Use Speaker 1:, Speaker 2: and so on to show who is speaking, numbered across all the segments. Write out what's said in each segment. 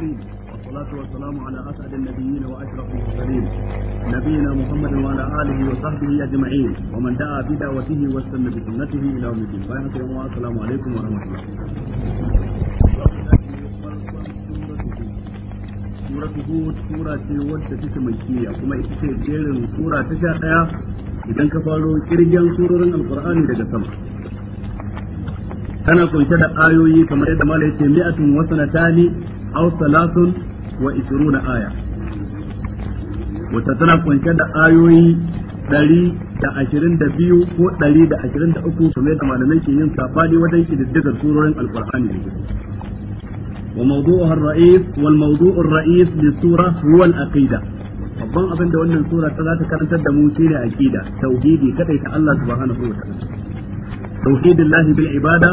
Speaker 1: الأخير والصلاة والسلام على أسعد النبيين وأشرف المرسلين نبينا محمد وعلى آله وصحبه أجمعين ومن دعا بدعوته واستنى بسنته إلى يوم الدين السلام عليكم ورحمة الله سورة هود سورة wadda take mai kiyya kuma ita ce jerin sura ta sha ɗaya idan ka faro kirgen surorin alkur'ani daga sama tana kunshe da ayoyi kamar yadda mala yace mi'atun wa sanatani aw salatun wa isruna aya wata tana kunshe da ayoyi ɗari da ashirin da biyu ko da ashirin da uku kamar da malamai ke yin safani wajen ƙididdigar surorin alƙur'ani وموضوعها الرئيس والموضوع الرئيس للسورة هو العقيدة babban abin da wannan sura ta za ta karantar da mu shine aqida tauhidi kadai ta Allah subhanahu wa ta'ala Tauhidillahi bil ibada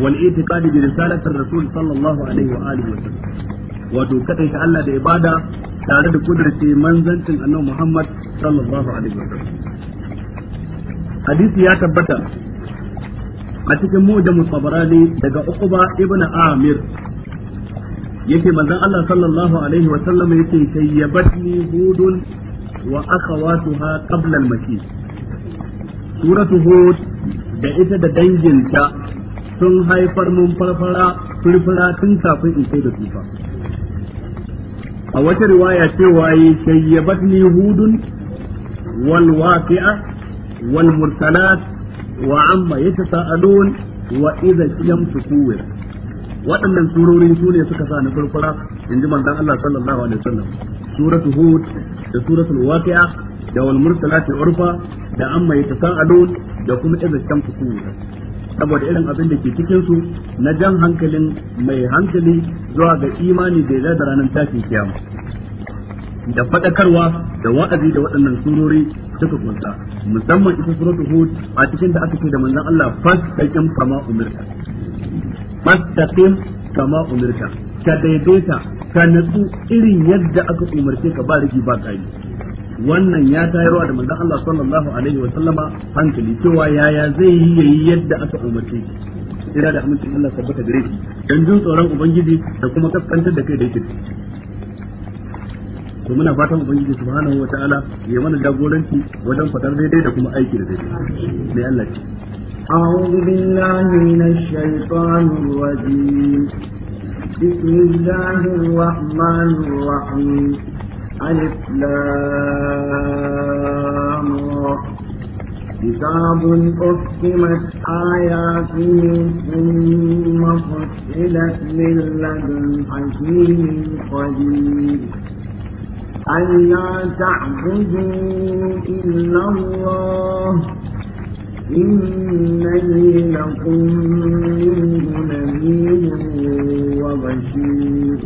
Speaker 1: wal itiqadi bi risalati rasul sallallahu alaihi wa alihi wa sallam wato kadai ta Allah da ibada tare da kudurce manzancin annabi Muhammad sallallahu alaihi wa sallam hadisi ya tabbata a cikin mujamu tabarani daga Uqba ibn Amir yake manzon Allah sallallahu alaihi wa sallam hudun wa akhawatuha suratu hud da ita da danginta sun haifar mun farfara furfura tun kafin in kai da tufa a wata riwaya cewa yi shayyabatni hudun wal waqi'a wal mursalat wa amma yatasaalun wa idza yamsu kuwir waɗannan surorin su ne suka sa ni furfura in ji manzon Allah sallallahu alaihi wasallam suratu hud da suratul waqi'a da wal mursalat urfa da amma yatasaalun da kuma idza yamsu kuwir saboda irin abin da ke cikin su na jan hankalin mai hankali zuwa ga imani da ya da ranar tafi kiyama da fadakarwa da wa'azi da waɗannan surori suka kunsa musamman ita suratul hud a cikin da aka ce da manzon Allah fastaqim kama umirta fastaqim kama umirta ka daidaita ka natsu irin yadda aka umarce ka ba rigi ba kai wannan ya tayarwa da manzon Allah sallallahu alaihi wa sallama hankali cewa yaya zai yi yayi yadda aka umarce shi ira da amincin Allah tabbata gare shi dan jin tsoron ubangiji da kuma kaskantar da kai da yake Ko muna fatan ubangiji subhanahu wa ta'ala ya mana jagoranci wajen fadar daidai da kuma aiki da daidai mai Allah ce
Speaker 2: أعوذ بالله من الشيطان الرجيم بسم الله الرحمن الرحيم ألف كتاب أحكمت آياته ثم فصلت من لدن حكيم قدير ألا تعبدوا إلا الله إنني لكم منه نبي وبشير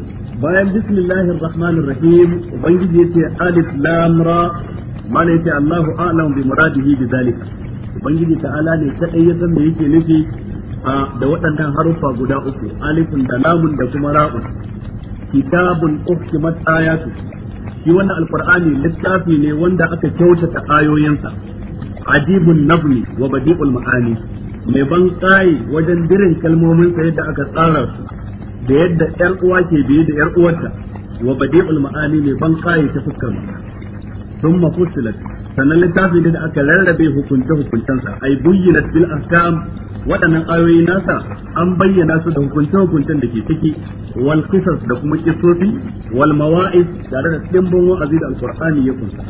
Speaker 2: bayan bismillahir rahmanir rahim ubangiji
Speaker 1: yace alif lam ra mana yace Allahu a'lamu bi muradihi bi zalika ubangiji ta'ala ne kadai ya san me yake nufi da waɗannan haruffa guda uku alifun da lamun da kuma ra'un kitabun uhkimat ayatu shi wannan alqur'ani littafi ne wanda aka kyautata ayoyinsa ajibun nabni wa badi'ul ma'ani mai ban kai wajen dirin kalmomin sa yadda aka tsara su da yadda yar uwa ke biye da yar uwarta wa badi'ul ma'ani mai ban kai ta fuskar ثم فصلت sannan littafin da aka rarrabe hukunce hukuncensa ai buyyinat bil ahkam waɗannan ayoyi nasa an bayyana su da hukunce hukuncen da ke ciki wal qisas da kuma kisofi wal mawa'iz tare da dimbin wa'azi da alqur'ani ya kunsa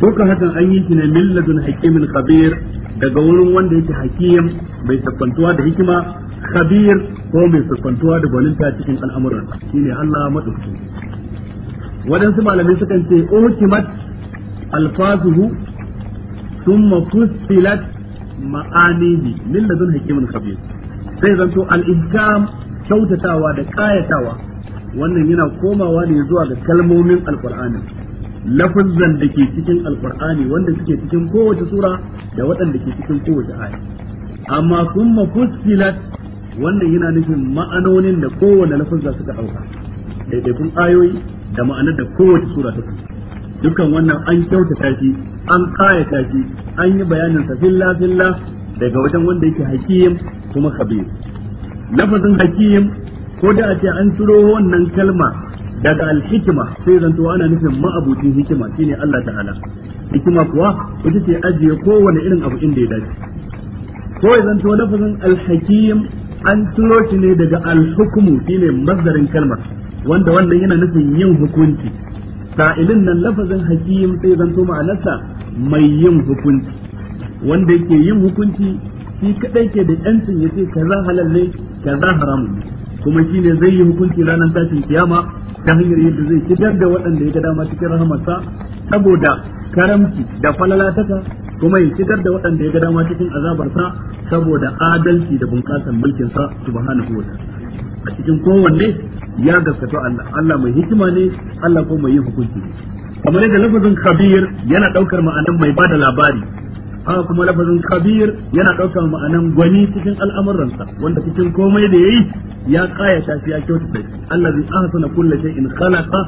Speaker 1: duka hakan an yi shi ne milladun hakimin khabir daga wurin wanda yake hakim mai siffantuwa da hikima khabir ko mai siffantuwa da gwaninta cikin al'amuran shine Allah madaukaki waɗansu malamai sukan ce ukimat alfazuhu thumma fussilat ma'anihi min ladun hakimin khabir sai zanto al-ihkam kyautatawa da kayatawa wannan yana komawa ne zuwa ga kalmomin alqur'ani lafazan da ke cikin alqur'ani wanda suke cikin kowace sura da waɗanda ke cikin kowace aya amma sun mafuskilat wannan yana nufin ma'anonin da kowane lafazza suka dauka daidaikun ayoyi da ma'anar da kowace sura ta dukkan wannan an kyauta shi an kayata shi an yi bayanin sa filla filla daga wajen wanda yake hakim kuma khabir lafazin hakim ko da a ce an ciro wannan kalma daga alhikima sai zanto ana nufin ma'abucin hikima shine Allah ta'ala hikima kuwa ita ce ajiye kowane irin abu inda ya dace ko ya zanto lafazin alhakim an turo shi ne daga alhukumu shine mazdarin kalmar wanda wannan yana nufin yin hukunci sa'ilin nan lafazin hakim sai zanto ma'anarsa mai yin hukunci wanda yake yin hukunci shi kadai ke da yancin yace kaza halal ne kaza haramun ne kuma shi ne zai yi hukunci ranar tashin kiyama ta hanyar yadda zai shigar da waɗanda ya ga dama cikin rahamarsa saboda karamci da falalataka kuma ya shigar da waɗanda ya ga dama cikin azabarsa saboda adalci da bunƙasar mulkinsa subhanahu wa a cikin kowanne ya gaskata Allah Allah mai hikima ne Allah ko mai yin hukunci ne kamar yadda lafazin khabir yana ɗaukar ma'anar mai bada labari haka kuma lafazin kabir yana ɗaukar ma'anan gwani cikin al'amuransa wanda cikin komai da yayi ya kaya shafi ya kyautu da shi allazi ahsana kulli shay'in khalaqa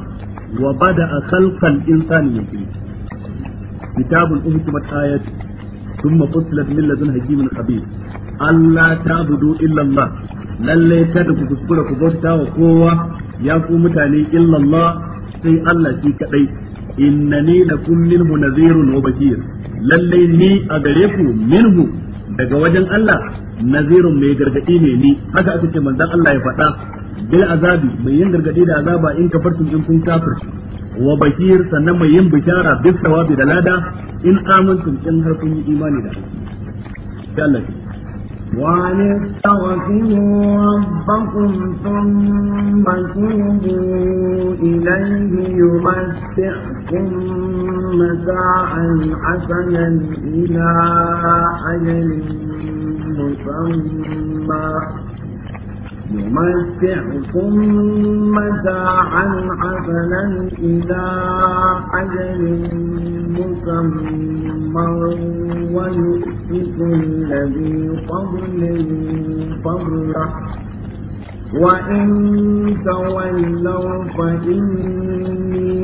Speaker 1: wa bada'a khalqal insani yaqin kitabun uhkimat ayat thumma fussilat min ladun hakimin khabir alla ta'budu illa allah lalle kada ku kuskura ku bauta wa kowa ya ku mutane illa allah sai allah shi kadai innani lakum minhu nadhirun wa bakir lalle ni a gare ku minhu daga wajen Allah nazirun mai gargadi ne ni haka aka ce manzon Allah ya faɗa bil azabi mai yin gargadi da azaba in kafartum in kun kafir wa bakir sannan mai yin bishara bis sawabi da lada in amantum in har kun yi imani da Allah
Speaker 2: وأن استغفروا ربكم ثم توبوا إليه يمتعكم متاعا حسنا إلى أجل مسمى نمتعكم متاعا حسنا إلى أجل مسمى ويؤتك الذي فضل فضله وإن تولوا فإني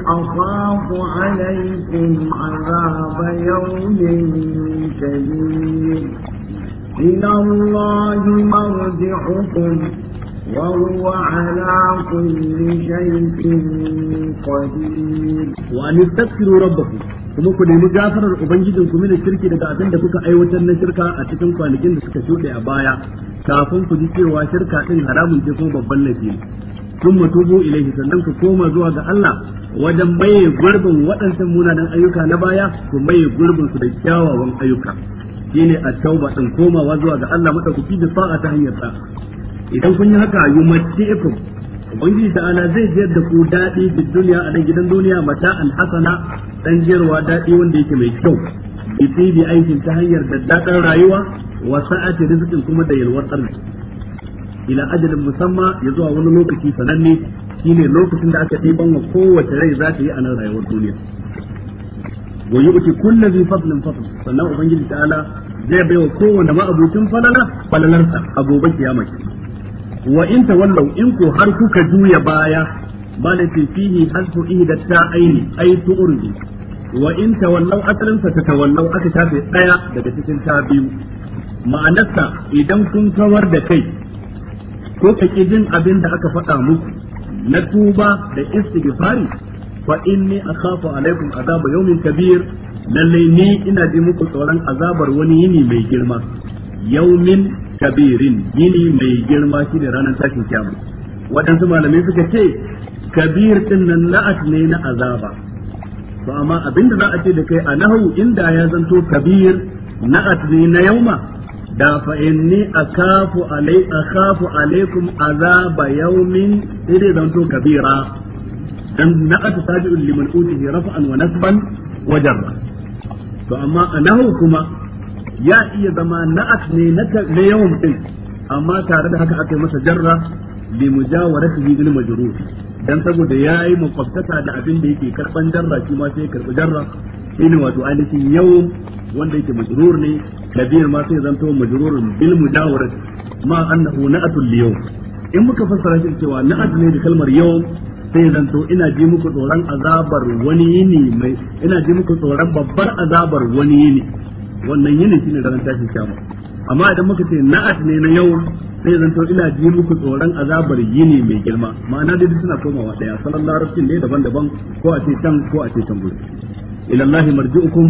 Speaker 2: أخاف عليكم عذاب يوم كبير إلى الله مرجعكم وهو على كل شيء
Speaker 1: قدير وأن استغفروا ربكم kuma ku nemi gafarar ubangijin ku mini shirki daga abin da kuka aiwatar na shirka a cikin kwanakin da suka shuɗe a baya kafin ku ji cewa shirka ɗin haramun ce kuma babban laifi sun matubu ilaihi sannan ku koma zuwa ga Allah wajen maye gurbin waɗancan munanan ayyuka na baya ku maye gurbin su da kyawawan ayyuka shine a tauba din komawa zuwa ga Allah madaukaki da sa'a ta hanyar sa idan kun yi haka yumatikum ubangiji ta'ala zai jiyar da ku daɗi da duniya a nan gidan duniya mata al-hasana dan jiyarwa daɗi wanda yake mai kyau bi bi aikin ta hanyar daddadan rayuwa wa sa'ati rizqin kuma da yalwar arziki ila ajalin musamma ya zuwa wani lokaci sananne shine lokacin da aka ɗiban wa kowace rai za ta yi a nan rayuwar duniya wa yu'ti kullu dhi fadlin fadl sannan ubangiji ta'ala zai baiwa kowanne ma'abucin falala falalarsa a gobe kiyama ke wa in tawallau in ko har kuka juya baya malati fihi hasbu ihda ta'aini ay tu'ridi wa in tawallau asalin sa tawallau aka tafi daya daga cikin ta biyu ma'anarsa idan kun kawar da kai ko ka jin abin da aka faɗa muku na tuba da istighfari fa inni akhafu alaikum azaba yawmin kabir lallai ni ina ji muku tsoron azabar wani yini mai girma yaumin kabirin yini mai girma shine ranar tashin kiyama waɗansu malamai suka ce kabir din nan la'at ne na azaba to amma abinda za a ce da kai a nahu inda ya zanto kabir na'at ne na yauma da fa inni akafu alai akhafu alaikum azaba yaumin sai zanto kabira dan na'at tabi'un liman utihi raf'an wa nasban wa jarra to amma a nahu kuma ya iya zama na'at ne na yawan mutum amma tare da haka aka yi masa jarra li mujawaratihi bil majrur dan saboda yayi makwabtaka da abin da yake karban jarra shi ma sai karbi jarra shine wato ainihin yau wanda yake majrur ne kabir ma sai zanto majrurun bil mujawarati ma annahu na'atul yawm in muka fassara shi cewa na'at ne da kalmar yau sai zan to ina ji muku tsoron azabar wani yini mai ina ji muku tsoron babbar azabar wani yini wannan yini shine ran tashin kiyama amma idan muka ce na'at ne na yau sai zan to ina ji muku tsoron azabar yini mai girma ma'ana dai suna komawa daya salon larabcin ne daban-daban ko a ce can ko a ce can gudu ila Allah marji'ukum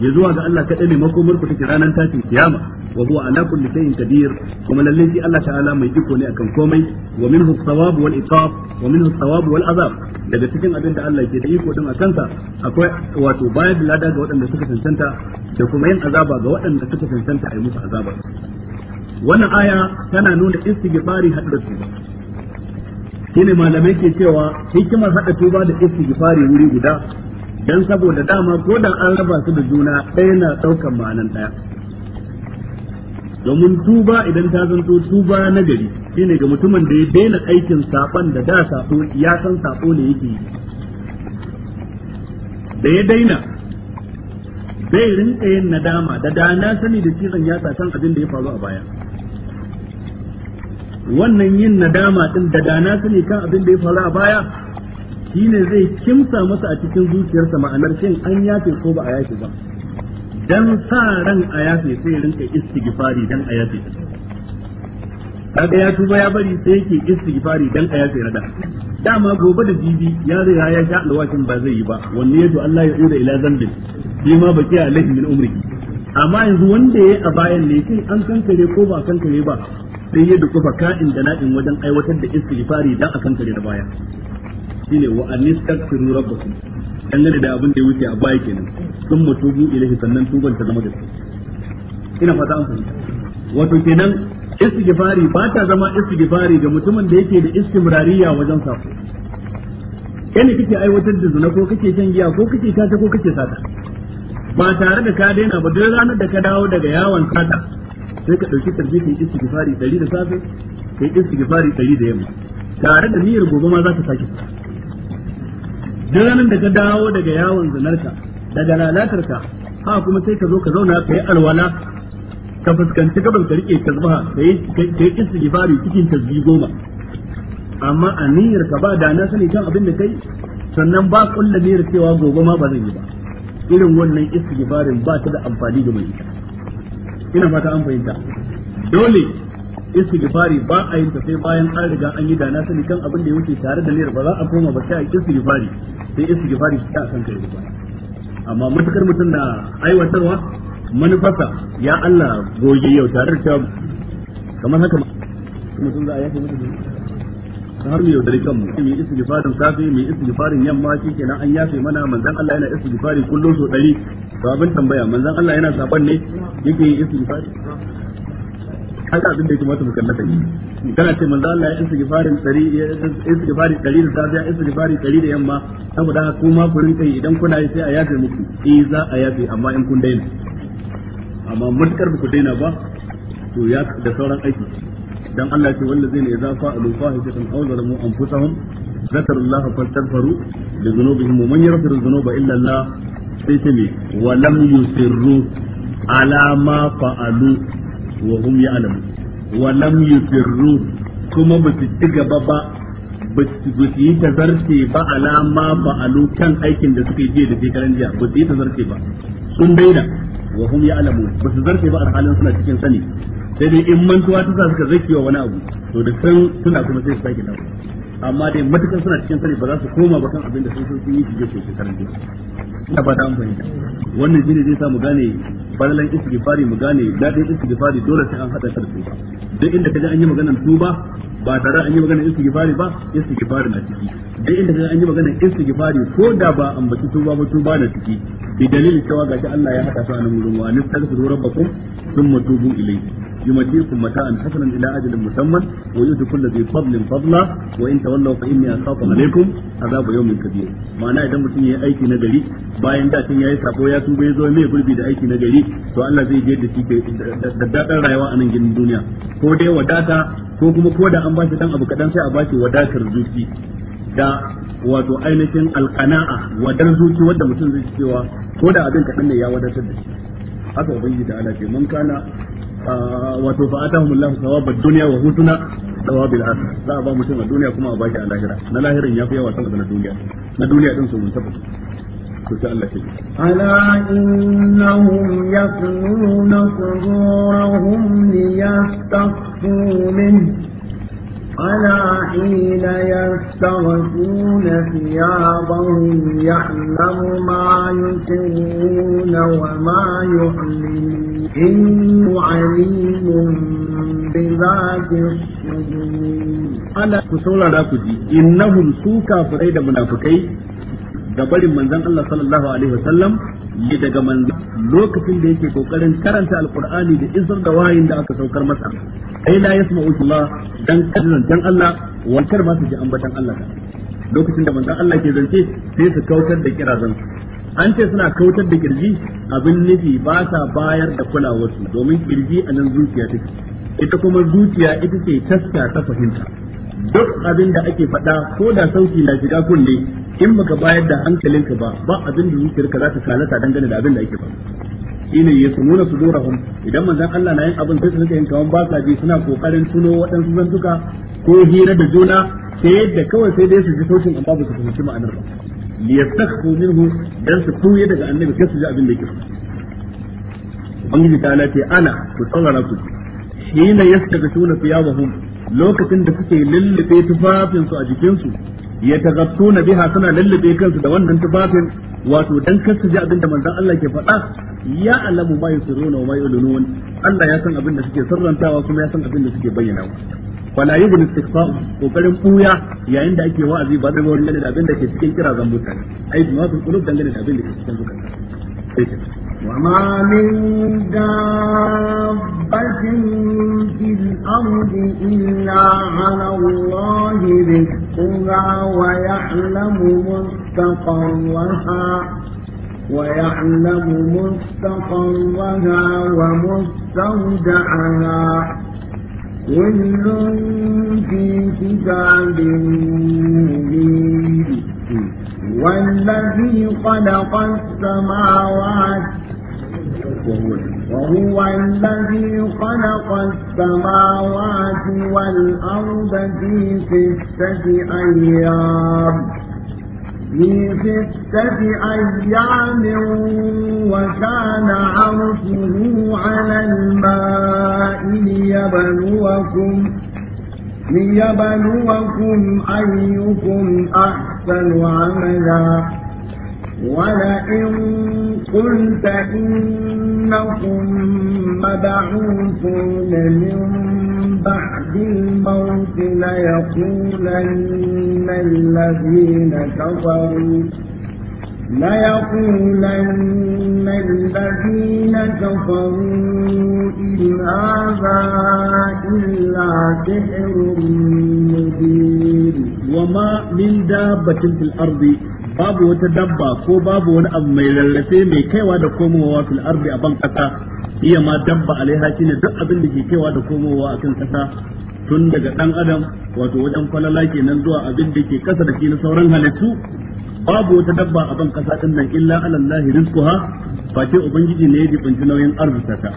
Speaker 1: ya zuwa ga Allah kaɗai ne makomar ku take ranar tashin kiyama wa huwa ala kulli shay'in qadir kuma lalle shi Allah ta'ala mai iko ne akan komai wa minhu thawab wal iqab wa minhu thawab wal azab daga cikin abin da Allah ke da iko din akan sa akwai wato bayar da lada ga waɗanda suka tantanta da kuma yin azaba ga waɗanda suka tantanta a yi musu azaba wannan aya tana nuna istighfari haddatu shine malamai ke cewa hikimar hada tuba da istighfari wuri guda dan saboda dama ko da an raba su da juna ɗaya na ɗaukan ma'anan ɗaya domin tuba idan ta zanto tuba na gari shine ga mutumin da ya daina aikin saban da da sako ya san sako ne yake yi da ya daina bai rinka yin nadama da da na sani da cizon ya kan abin da ya faru a baya wannan yin nadama din da da na sani kan abin da ya faru a baya shine zai kimsa masa a cikin zuciyarsa ma'anar shin an yafe ko ba a yafe ba dan sa ran a yafe sai rinka istighfari dan a yafe kaga ya tuba ya bari sai yake istighfari dan a yafe rada dama gobe da jibi ya zai ya sha alwashin ba zai yi ba wanne yato Allah ya tsira ila zambin shi ma baki alaihi min umri amma yanzu wanda yayi a bayan ne shin an kankare ko ba kankare ba sai ya dukufa ka'in da na'in wajen aiwatar da istighfari dan a kankare da baya shine wa anistaghfiru rabbakum dangane da abin da ya wuce a baya kenan sun mutubu ilahi sannan tuban ta zama da su ina fata an fahimta wato kenan istighfari ba ta zama istighfari ga mutumin da yake da istimrariya wajen sako kai kake aiwatar da zina ko kake shan giya ko kake tata ko kake sata ba tare da ka daina ba duk ranar da ka dawo daga yawon sata sai ka dauki tarbi kai istighfari 100 da safe kai istighfari 100 da yamma tare da niyyar gobe ma za ka sake duk ranar da ka dawo daga yawon zanarka daga lalatarka ha kuma sai ka zo ka zauna ka yi alwala ka fuskanci gabar ka rike tasbaha ka yi istighfari cikin tasbih goma amma a niyyar ka ba da na sani kan abin da kai sannan ba kullu niyyar cewa gobe ma ba zan yi ba irin wannan istighfarin ba ta da amfani da mai ina fata an fahimta dole istighfari ba a yin ta sai bayan an riga an yi dana sani kan abin da ya wuce tare da niyyar ba za a koma ba sai a istighfari sai istighfari ta san kai ba amma matukar mutum da aiwatarwa manufarsa ya Allah goge yau tare da cewa kamar haka mutum za a yake mutum har mu yaudare kanmu mu yi istighfarin safe mai yi istighfarin yamma shi kenan an yafe mana manzon Allah yana istighfari kullum so dari to abin tambaya manzon Allah yana saban ne yake yi istighfari kaga abin da ya kamata mu kallata ne kana ce manzo Allah ya 100 ya 100 da safiya 100 da yamma saboda haka kuma ku rinka idan kuna yi sai a yafe muku eh za a yafe amma in kun daina amma ku daina ba to ya da sauran aiki dan Allah ya ce wallazina idza fa'alu fahishatan aw zalamu anfusahum ذكروا الله فاستغفروا لذنوبهم ومن يغفر الذنوب الا الله wa hum ya'lamu wa lam kuma ba su ci ba ba su yi ba alama ba alu kan aikin da suka yi jiya da shekaran jiya ba sun daina wa hum ya'lamu ba ba alhalin suna cikin sani sai dai in mantuwa ta sa suka wani abu amma dai matukan suna cikin sani ba za su koma ba kan abin da sun sun yi shi je shekarun da ina ba ta amfani wannan shine zai sa mu gane balalan istighfari mu gane dadin istighfari dole sai an hada ta da tuba duk inda kaje an yi maganar tuba ba tare an yi maganar istighfari ba istighfari na ciki duk inda kaje an yi maganar istighfari ko da ba an baki tuba ba tuba na ciki bi dalilin cewa gashi Allah ya hada su a nan wurin wa nastaghfiru rabbakum thumma tubu ilayhi يمتيكم متاعا حسنا إلى أجل مسمى ويؤت كل ذي فضل فضلا وإن تولوا فإني أخاف عليكم عذاب يوم كبير معناه idan mutum ya yi aiki na bayan da ya yi sabo ya tuba yazo mai gurbi da aiki nagari to Allah zai je da shi da dadan rayuwa a nan gidan duniya ko dai wadata ko kuma ko da an ba shi dan abu kadan sai a ba shi wadatar zuci da wato ainihin alqana'a wadar zuci wanda mutum zai cewa ko da abin kadan ne ya wadatar da shi haka ubangiji da Allah ce man wato fa atahum Allahu thawab ad-dunya wa husna thawab al-akhir za a ba mutum a duniya kuma a baki a lahira na lahirin yafi yawa sama da na duniya na duniya din su mun tabbata ألا
Speaker 2: إنهم يكنون صدورهم ليستخفوا منه ألا حين يستغفون ثيابهم يعلم ما يسرون وما يعلنون إنه عليم بذات الصدور
Speaker 1: ألا كسولا لا كجي إنهم سوكا فريد منافقين ga barin manzon Allah sallallahu alaihi wasallam ne daga manzon lokacin da yake kokarin karanta alqur'ani da isar da wayin da aka saukar masa ai la yasma'u Allah dan kallon dan Allah wankar ma su ji ambatan Allah lokacin da manzon Allah ke zance sai su kautar da zan an ce suna kautar da kirji abin nufi ba ta bayar da kulawarsu domin kirji a nan zuciya take ita kuma zuciya ita ce taska ta fahimta duk abin da ake faɗa ko da sauki na shiga kunne in baka bayar da hankalinka ba ba abin da zuciyarka za ta kalata dangane da abin da ake ba shine yasmuna sudurahum idan manzon Allah na yin abin sai su rika yin kaman ba sa ji suna kokarin tuno waɗansu zantuka ko hira da juna sai yadda kawai sai dai su ji sautin amma ba su fahimci ma'anar ba li yastakhfu minhu dan su tuye daga annabi sai su ji abin da yake ubangiji ta ce ana ku saurara ku shine yastakshuna thiyabahum lokacin da suke lullube tufafinsu a jikinsu Ya yataghassuna biha suna lallabe kansu da wannan tufafin wato dan kasu ji abinda manzon Allah ke faɗa ya alamu ma yusiruna wa ma yulunun Allah ya san abinda suke sarrantawa kuma ya san abinda suke bayyana wala yubun istighfar kokarin buya yayin da ake wa'azi ba da wurin da abinda ke cikin kira zan buka ai ma sun kulub dangane da abinda ke cikin buka
Speaker 2: وما من دابة في الأرض إلا على الله رزقها يرزقها ويعلم مستقرها ويعلم مستقرها ومستودعها كل في كتاب مبين والذي خلق السماوات وهو وهو الذي خلق السماوات والأرض في ستة أيام في ستة أيام وكان عرشه على الماء ليبلوكم ليبلوكم أيكم أحسن عملا ولئن قلت إنكم مبعوثون من بعد الموت ليقولن الذين كفروا ليقولن الذين كفروا إن هذا إلا سحر مبين وما من دابة في الأرض babu wata
Speaker 1: dabba ko babu wani abu mai lallafe mai kaiwa da komowa fil ardi a ban kasa iya ma dabba alaiha shine duk abin da ke kaiwa da komowa a kan kasa tun daga dan adam wato wajen falala kenan zuwa abin da ke kasa da shi na sauran halittu babu wata dabba a ban kasa din nan illa alallahi rizquha fa ce ubangiji ne ya jibanci nauyin arzuta ta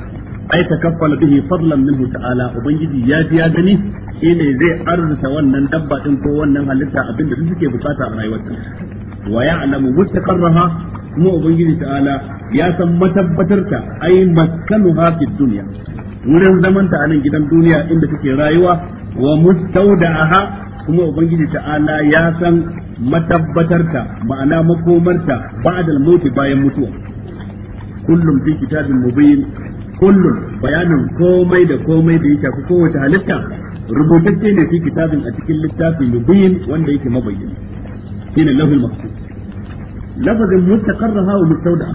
Speaker 1: ai takaffala bihi fadlan minhu ta'ala ubangiji ya ji ya gani shine zai arzuta wannan dabba din ko wannan halitta abin da suke bukata a rayuwarsa wa alamu mustaqarraha kuma ubangiji ta'ala ya san matabbatar matabbatarta ai maskanuha hafi dunya wurin zamanta a nan gidan duniya inda take rayuwa wa mustawda'aha kuma ubangiji ta'ala ya san matabbatar ta ma'ana makomarta ba'da al bayan mutuwa kullum fi kitabin mubin kullum bayanin komai da komai da yake shafi kowace halitta rubutacce ne fi kitabin a cikin littafin mubin wanda yake mabayyana shine lafzul mahfuz lafazin mustaqarraha wa mustawda'a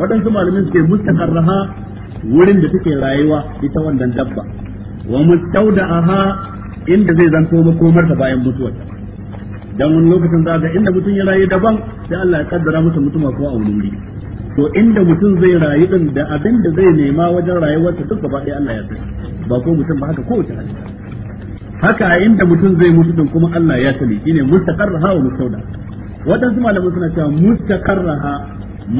Speaker 1: waɗansu malamin suke mustaqarraha wurin da take rayuwa ita wannan dabba wa mustawda'aha inda zai zanto makomar da bayan mutuwa dan wani lokacin za ga inda mutum ya rayu daban sai Allah ya kaddara masa mutuwa ko a wani wuri to inda mutum zai rayu din da abin da zai nema wajen rayuwarsa duk gaba ɗaya Allah ya sani ba ko mutum ba haka kowace halitta haka inda mutum zai mutu din kuma Allah ya sani shine mustaqarraha wa mustawda wadansu malamai suna cewa mustaqarraha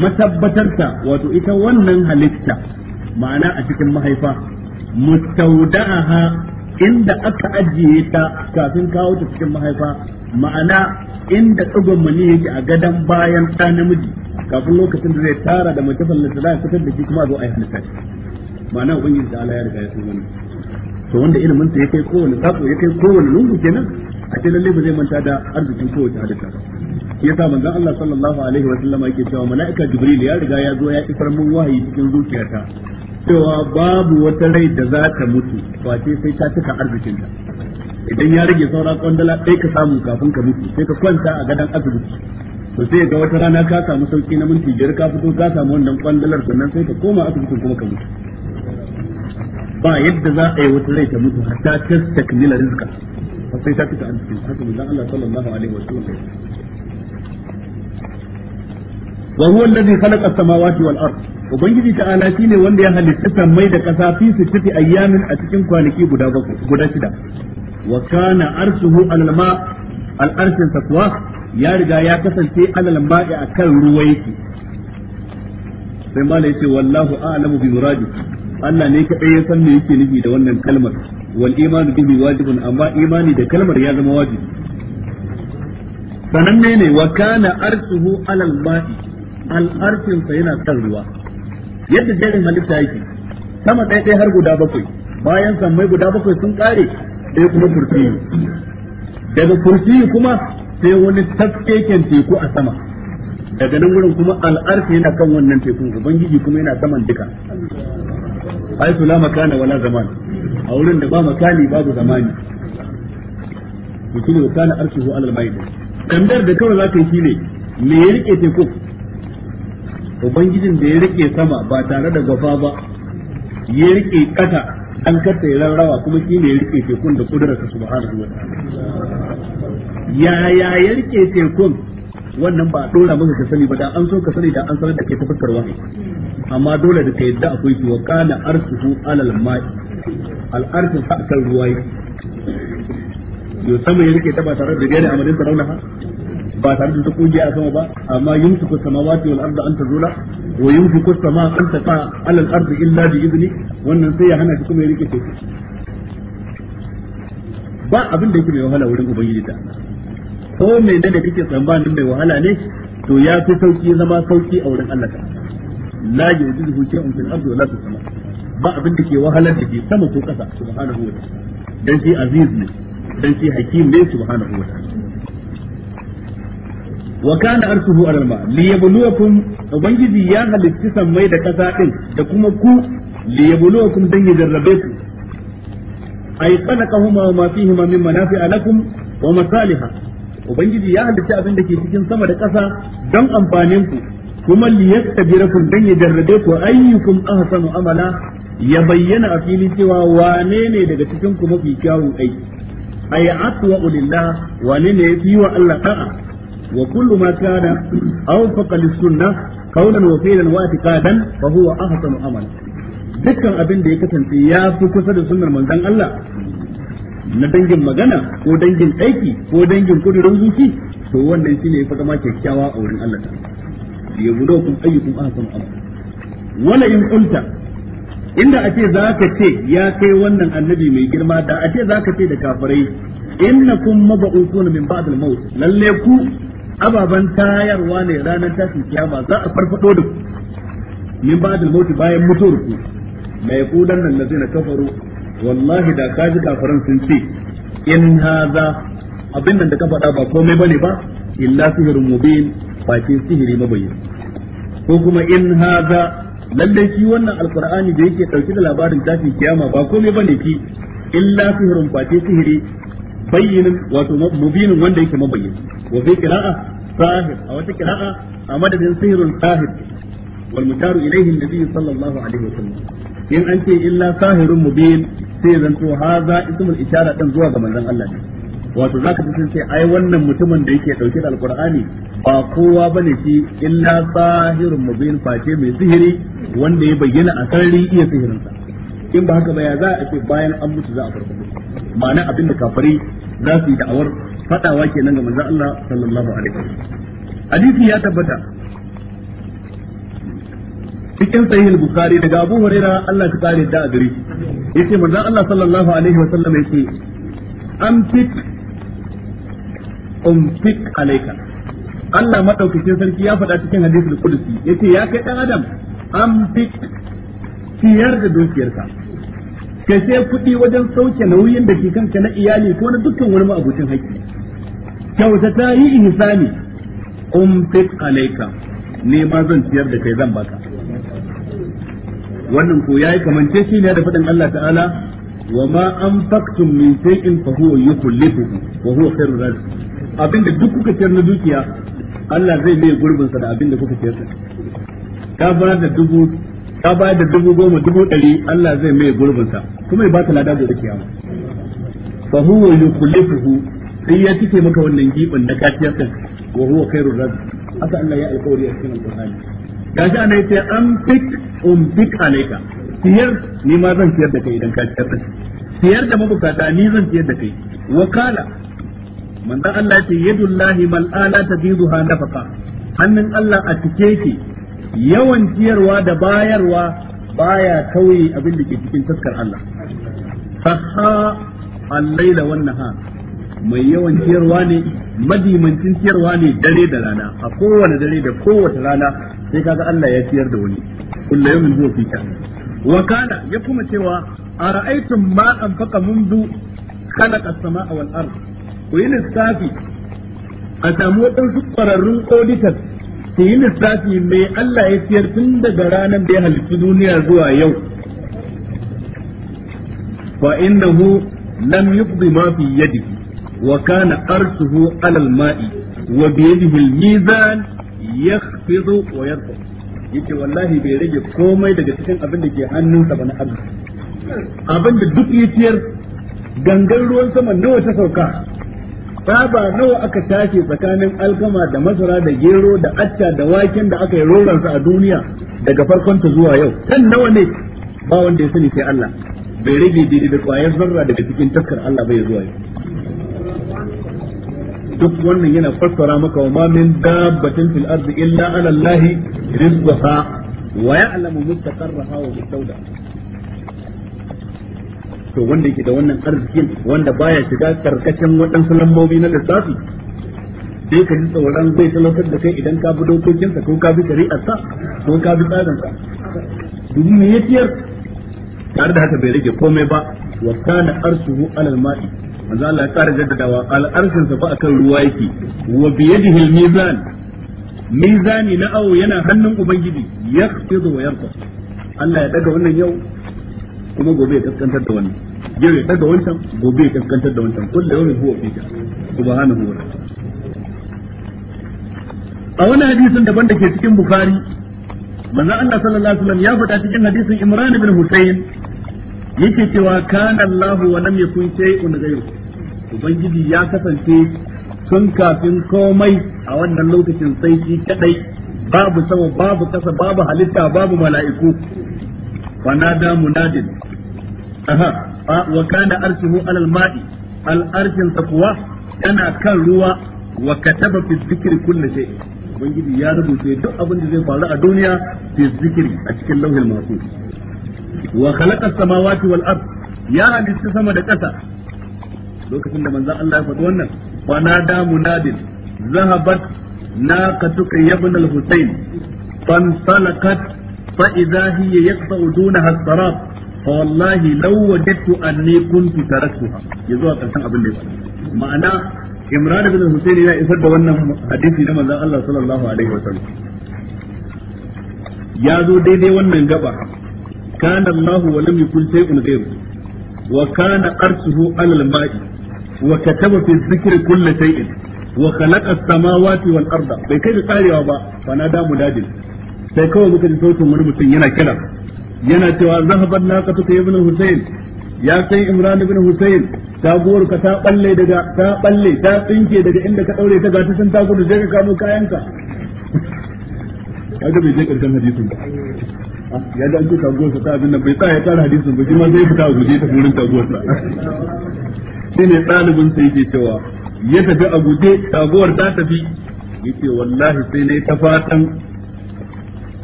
Speaker 1: matabbatarta wato ita wannan halitta ma'ana a cikin mahaifa mustawda'aha inda aka ajiye ta kafin kawo ta cikin mahaifa ma'ana inda tsugon mani yake a gadon bayan ɗa namiji kafin lokacin da zai tara da mace fallasa za a fitar da shi kuma zo a yi halitta ma'ana ubangiji da Allah ya riga ya san to wanda ilimin sa ya kai kowane sako ya kai kowane lungu kenan a ce lalle ba zai manta da arzikin kowace halitta ba yasa manzon Allah sallallahu alaihi wa sallama yake cewa mala'ika jibril ya riga ya zo ya isar mun wahayi cikin zuciyata cewa babu wata rai da za ta mutu face sai ta cika arzikinta idan ya rage saura kwandala ɗaya ka samu kafin ka mutu sai ka kwanta a gadon asibiti to sai ga wata rana ka samu sauki na minti biyar ka fito ka samu wannan kwandalar sannan sai ka koma asibitin kuma ka mutu ba yadda za a yi wata rai ta mutu hatta ta takmila rizqa sai ta fita arziki haka manzon Allah sallallahu alaihi wasallam wa huwa alladhi khalaqa as-samawati wal ard ubangiji ta'ala shine wanda ya halitta sammai da kasa fi sittati ayyamin a cikin kwanaki guda bakwai guda shida wa kana arshuhu alal ma al arshin takwa ya riga ya kasance alal ma'i akan ruwa yake sai malai ce wallahu a'lamu bi muradihi Allah ne kaɗai ya san me yake nufi da wannan kalmar wal imanu bihi wajibun amma imani da kalmar ya zama wajibi sananne ne wa kana arshuhu alal ma'i al sa yana kan ruwa yadda jarin halitta yake sama ɗaya ɗaya har guda bakwai bayan mai guda bakwai sun kare ɗaya kuma kursiyi daga kursiyi kuma sai wani tafkeken teku a sama daga nan wurin kuma al'arfi yana kan wannan tekun ubangiji kuma yana saman duka haifu la makana wala zaman a wurin da ba makani babu zamani to da kana arki zuwa alal ma'i Kandar da kawai zaka yi shine me ya rike teku ubangijin da ya rike sama ba tare da gwafa ba ya rike kasa an karta ya rawa kuma shi ne ya rike tekun da kudurarsa subhanahu wa zuwa ya ya ya rike tekun wannan ba dora maka ka sani ba da an so ka sani da an sanar da ke tafarkarwa amma dole da ka yadda akwai shi wa kana arsuhu alal ma'i al'arsu arsu ruwa ruwa yo sama ya rike ta ba tare da gani amalin sarauna ha ba tare da ta kungiya a sama ba amma yumsiku samawati wal arda an zula wa kusa ma an ta alal ardi illa bi izni wannan sai ya hana shi kuma ya rike ta ba abin da yake mai wahala wurin ubangiji ta ko mai da kake nan mai wahala ne to ya fi sauki zama sauki a wurin Allah ta'ala la yajidu shay'un fil ardi wa la fis sama ba abin da ke wahalar da ke sama ko kasa subhanahu wa ta'ala dan shi aziz ne dan shi hakim ne subhanahu wa ta'ala wa kana arshuhu alal ma li yabluwakum ubangiji ya halitta sammai da kasa din da kuma ku li yabluwakum dan ya jarrabe ku ay khalaqahuma wa ma fihima min manafi'a lakum wa masaliha ubangiji ya halitta abin da ke cikin sama da kasa don amfanin ku kuma liyastabirakum dan ya jarrabe ku ayyukum ahsanu amala ya bayyana a filin cewa wane ne daga cikin ku mafi kyawun aiki ay atwa lillah wane ne yafi wa Allah ta'a wa kullu ma kana aw lis-sunnah qawlan wa fi'lan wa i'tiqadan fa huwa ahsanu amala dukkan abin da ya kasance ya fi kusa da sunnar manzon Allah na dangin magana ko dangin aiki ko dangin kudurin zuci to wannan shine ya fi zama kyakkyawa a wurin Allah ta'ala liyabluwakum ayyukum ahsanu amala wala in qulta inda ace zaka ce ya kai wannan annabi mai girma da ace zaka ce da kafirai innakum mab'uthun min ba'd al-maut lalle ku ababan tayarwa ne ranar tashin kiyama za a farfado da min ba'd al-maut bayan mutuwar ku la yaqudan allazina kafaru wallahi da kaji kafiran sun ce in hadha abin da ka faɗa ba komai ne ba illa sihirun mubin face sihiri mabayyin ko kuma in haza lalle shi wannan alqur'ani da yake dauke da labarin tashin kiyama ba komai bane ki illa sihirun face sihiri bayyinin wato mubinin wanda yake mabayyin wa fi qira'a sahir a wata qira'a a madadin sihirun sahir wal mutaru ilayhi nabi sallallahu alaihi wasallam in an ce illa sahirun mubin sai zanto haza ismul ishara dan zuwa ga manzon Allah wato zaka ji sun ce ai wannan mutumin da yake dauke da alqur'ani ba kowa bane shi illa zahirun mubin face mai sihiri wanda ya bayyana a sarri iya sihirin sa in ba haka ba ya za a ce bayan an mutu za a farko ma'ana abin da kafari za su yi da'awar fadawa kenan ga manzo Allah sallallahu alaihi wasallam hadisi ya tabbata cikin sahih bukhari daga Abu Hurairah Allah ya kare da a yace manzo Allah sallallahu alaihi wasallam yace an fit umfik alaika Allah madaukakin sarki ya faɗa cikin hadisul qudsi yace ya kai dan adam umfik ciyar da dukiyarka ka sai kuɗi wajen sauke nauyin da ke kanka na iyali ko na dukkan wani ma'abucin haƙƙi kyautata yi insani umfik alaika ne ma zan ciyar da kai zan baka wannan ko yayi kamance shi ne da faɗin Allah ta'ala wa ma anfaqtum min shay'in fa huwa yukhlifuhu wa huwa khairur raziqin abinda duk kuka ciyar na dukiya Allah zai mai gurbin sa da abinda kuka ciyar ta. ka bayar da dubu ka ba da dubu goma dubu ɗari Allah zai mai gurbin sa kuma ya baka lada gobe kiyama fa huwa yukhlifuhu sai ya cike maka wannan gibin da ka ciyar din wa huwa khairur razi asa Allah ya alƙawari a cikin Al-Qur'ani gashi ana yace an fik um fik alayka ciyar ni ma zan ciyar da kai idan ka ciyar din ciyar da mabukata ni zan ciyar da kai wakala manzon Allah ce yadullahi mal'ala tabiduha nafaka hannun Allah a cike yawan ciyarwa da bayarwa baya kauye abin da ke cikin taskar Allah saha al-laila wan nahar mai yawan ciyarwa ne madimancin ciyarwa ne dare da rana a kowane dare da kowace rana sai kaga Allah ya ciyar da wani kullu yawmin huwa fi sha'n wa kana ya kuma cewa ara'aytum ma anfaqa mundu khalaqa as-samaa'a wal ardh ku yi lissafi a samu waɗansu ƙwararrun auditor su yi lissafi mai Allah ya siyar tun daga ranar da ya halittu duniya zuwa yau fa innahu lam yuqdi ma fi yadihi wa kana arshuhu ala al-ma'i wa bi yadihi al-mizan yakhfidu wa yarfa yace wallahi bai rage komai daga cikin abin da ke hannunsa ba na
Speaker 3: Allah
Speaker 1: abin da duk ya gangan ruwan sama nawa ta sauka tsaba nawa aka tace tsakanin alkama da masara da gero da acca da waken da aka yi roransa a duniya daga farkon ta zuwa yau kan nawa ne ba wanda ya sani sai Allah bai rage daidai da kwayar zarra daga cikin taskar Allah bai zuwa yau duk wannan yana fassara maka wa ma min dabbatin fil ardi illa ala Allah rizqaha wa ya'lamu mustaqarraha wa mustawdaha to wanda yake da wannan arzikin wanda baya shiga karkashin waɗansu lambobi na lissafi sai ka ji tsoron zai talautar da kai idan ka bi dokokinsa ko ka bi shari'arsa ko ka bi tsarinsa dubu ne ya tiyar tare da haka bai rage komai ba wa kana arsuhu alal ma'i manzo Allah ya kara jaddadawa al arshin sa fa akan ruwa yake wa bi yadihi al mizan mizani na awo yana hannun ubangiji yaqtidu wa yarfa Allah ya daga wannan yau kuma gobe ya kaskantar da wani yau ya daga wancan gobe ya kaskantar da wancan yau yawmin huwa fi ta subhanahu wa ta'ala a wani hadisin daban da ke cikin bukhari manzo Allah sallallahu alaihi wasallam ya faɗa cikin hadisin Imran ibn Husayn yake cewa kana Allah wa lam yakun shay'un ghayru ubangiji ya kasance tun kafin komai a wannan lokacin sai shi kadai babu sama babu kasa babu halitta babu mala'iku nada munadin aha wa kana arshihu alal ma'i al arshin taqwa kana kan ruwa wa kataba fi dhikri kulli shay ubangiji ya rubuce duk abin da zai faru a duniya fi a cikin lauhil mahfuz wa khalaqa samawati wal ard ya halitta sama da ƙasa lokacin da manzon Allah ya faɗi wannan fa nada munadin zahabat naqatuka ibn al-husayn fansalaqat fa idha hiya yaqta'u dunaha fa wallahi law wajadtu anni kuntu taraktuha yazo a karshen abin da ya faɗa ma'ana Imran bin Husayn ya isar da wannan hadisi na manzon Allah sallallahu alaihi wasallam ya zo daidai wannan gaba kana Allah wa lam yakul shay'un ghayru wa kana arshuhu alal ma'i wa kataba fi dhikri kulli shay'in wa khalaqa as-samawati wal arda bai kai da tsarewa ba fa na damu mudadin sai kawai muka ji sautin wani mutum yana kira yana cewa na naqatu ta ibn husayn ya kai imran ibn husayn taguwar ka ta balle daga ta balle ta tsinke daga inda ka daure ta gata ta ta gudu je ka kamo kayanka kaga bai je karshen hadisin ba ya da an ce taguwar ta abin nan bai sa ya tsara hadisin ba shi ma zai fita guje ta gurin taguwar sa shine ɗalibin sai ke cewa ya tafi a guje taguwar ta tafi yace wallahi sai ne ta fatan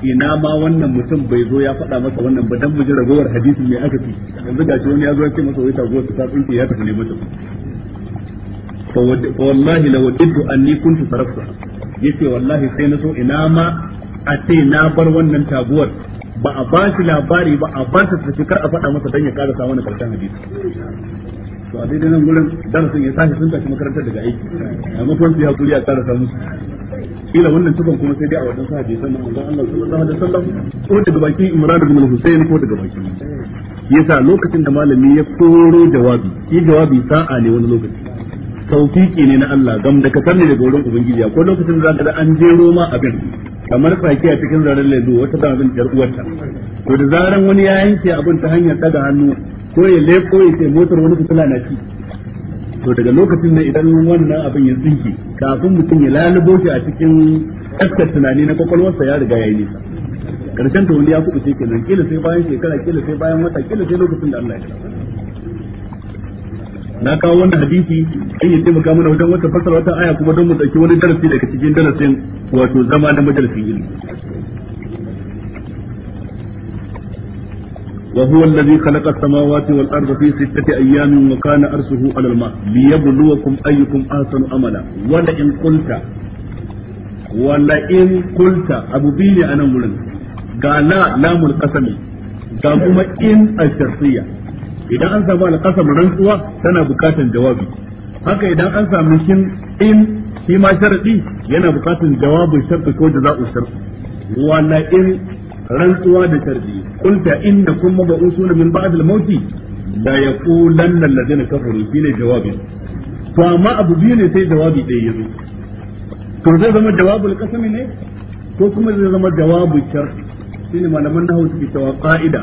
Speaker 1: ina ma wannan mutum bai zo ya faɗa masa wannan ba dan mu ji ragowar hadisi mai aka fi yanzu ga shi wani ya zo ya ce masa wai taguwar ta tsinke ya tafi ne mata fa wallahi la wajidu anni kuntu sarafta yace wallahi sai na so ina ma a ce na bar wannan taguwar ba a ba shi labari ba a ba shi kar a faɗa masa dan ya karasa mana karshen hadisi to a daidai nan gurin darasin ya tashi sun tashi makarantar daga aiki a makon su ya kuri a tsara su ila wannan tukon kuma sai dai a wajen sahabi sannan manzon Allah sallallahu alaihi wasallam ko daga baki Imran ibn Hussein ko daga bakin yasa lokacin da malami ya koro jawabi shi jawabi sa'a ne wani lokaci taufiki ne na Allah gam da kasar ne daga wurin ubangiji ko lokacin da zaka da an jero ma abin kamar faki a cikin zaren lezu wata da abin jar uwarta ko da zaran wani ya yanke abin ta hanyar daga hannu ko ya leko ya ce motar wani fitila na ci to daga lokacin nan idan wannan abin ya tsinki kafin mutum ya lalubo shi a cikin tsakar tunani na kwakwalwarsa ya riga ya yi nisa karshen ta wani ya kuɓuce kenan kila sai bayan shekara kila sai bayan wata kila sai lokacin da Allah ya na kawo wannan hadisi in yi taimaka mana wajen wata fasar wata aya kuma don mu ɗauki wani darasi daga cikin darasin wato zama na majalisin ilimi وهو الذي خلق السماوات والأرض في ستة أيام وكان أرسه على الماء ليبلوكم أيكم أحسن أملا ولئن قلت ولئن قلت أبو بيني أنا مولن قال لا لام القسم قال كما إن الشرطية إذا أنسى القسم رنسوة سنة بكاتا جوابي haka idan an samu shin in shi ma sharadi yana bukatun jawabin sharti ko jaza'u sharti wala in rantsuwa da sharri qulta innakum mab'usuna min ba'd al-maut la yaqulanna alladhina kafaru shine jawabi to amma abu biyu ne sai jawabi ɗaya yazo to zai zama jawabul qasami ne ko kuma zai zama jawabu sharri shine malaman nahwu suke cewa qa'ida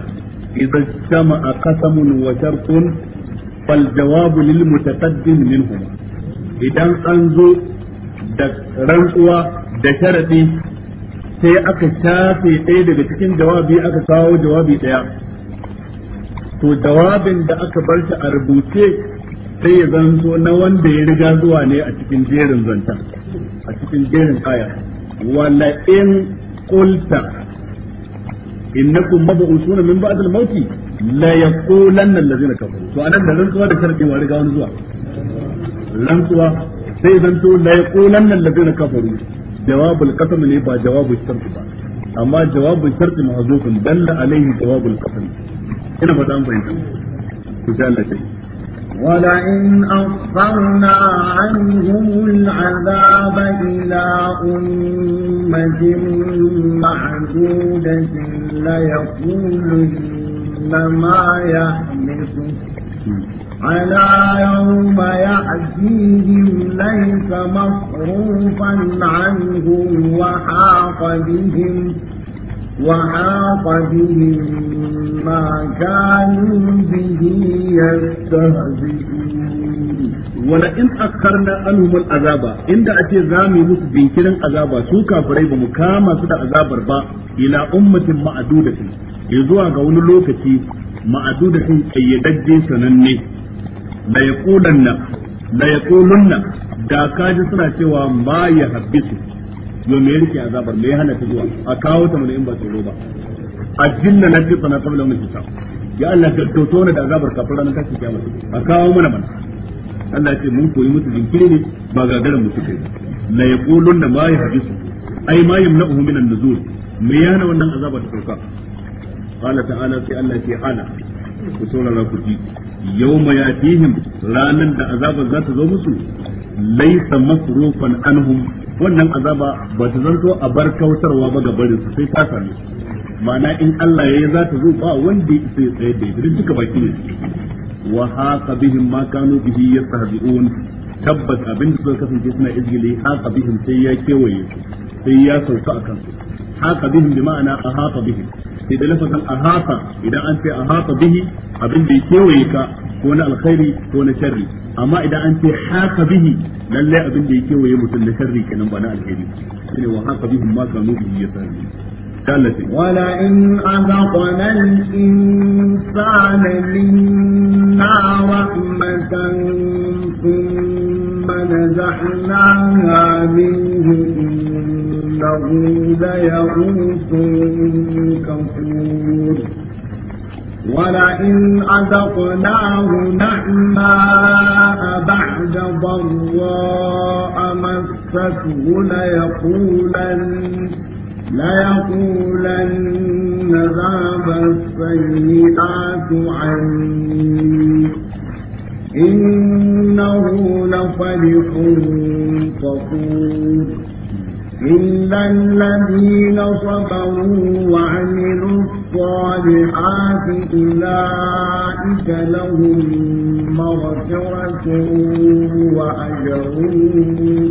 Speaker 1: idza jama'a qasamun wa shartun fal jawabu lil mutaqaddim minhum idan an zo da rantsuwa da sharadi sai aka shafe ɗaya daga cikin jawabi aka kawo jawabi ɗaya to jawabin da aka bar shi a rubuce sai ya zanto na wanda ya riga zuwa ne a cikin jerin zanta a cikin jerin aya wala in qulta innakum mab'usuna min ba'd al-maut la yaqulanna allazina kafaru to anan da rantsuwa da sharti wa riga wani zuwa rantsuwa sai zanto la yaqulanna allazina kafaru jawabul qasam ne ba jawabul shart ba amma jawabul shart mahzufun dalla alaihi jawabul qasam ina fata an bayyana ku ji Allah sai
Speaker 2: ولئن أخرنا عنهم العذاب إلى أمة معدودة ليقولن ما يحدث ألا يوم يأتيهم ليس مصروفا عنهم وحاق بهم وحاق بهم ما كانوا به يستهزئون wani in akar
Speaker 1: na anumul azaba inda ake zamu yi musu binkirin azaba su kafirai ba mu kama su da azabar ba Ina ummatin ma'adudatin ya ga wani lokaci ma'adudatin ayyadajje sananne la yaqulanna da kaji suna cewa ma ya habbisu yo me yake azabar me hana ta zuwa a kawo ta mun in ba tsoro ba ajinna na ji sana sabla mun kitab ya Allah da toto na da azabar kafin ranar kashi kiyama a kawo mana mana Allah ce mun koyi musu jinkiri ne ba gagarin musu kai la yaqulunna ma ya habbisu ai ma yamna'uhu min an-nuzul me yana wannan azabar ta sauka Allah ta'ala sai Allah ke hana ku saurara ku ji yawma yatihim ranan da azabar za ta zo musu laysa masrufan anhum wannan azaba ba ta zanto a bar kautarwa ba ga barin su sai ta same ma'ana in Allah ya za ta zo ba wanda ya sai tsaye da idan duka baki ne wa haqa bihim ma kanu bihi yastahzi'un tabbas abin da suka kasance suna izgili haqa bihim sai ya kewaye sai ya sauka akan su haqa bihim bi ma'ana a ahata bihim sai da lafazin ahata idan an ce ahata bihi abin da ya kewaye ka ko na alkhairi ko na sharri amma idan an ce haka bihi lallai abin da ya kewaye mutum na sharri kenan ba na alkhairi shine wa haka bihi ma kanu bihi
Speaker 2: yasarri ولئن أذقنا الإنسان منا رحمة ثم نزحناها منه إنه ليئوس كفور ولئن أذقناه نعماء بعد ضراء مسته ليقولن ليقولن ذاب السيئات عني إنه لفرح فخور إلا الذين صبروا وعملوا الصالحات أولئك لهم مغفرة وأجر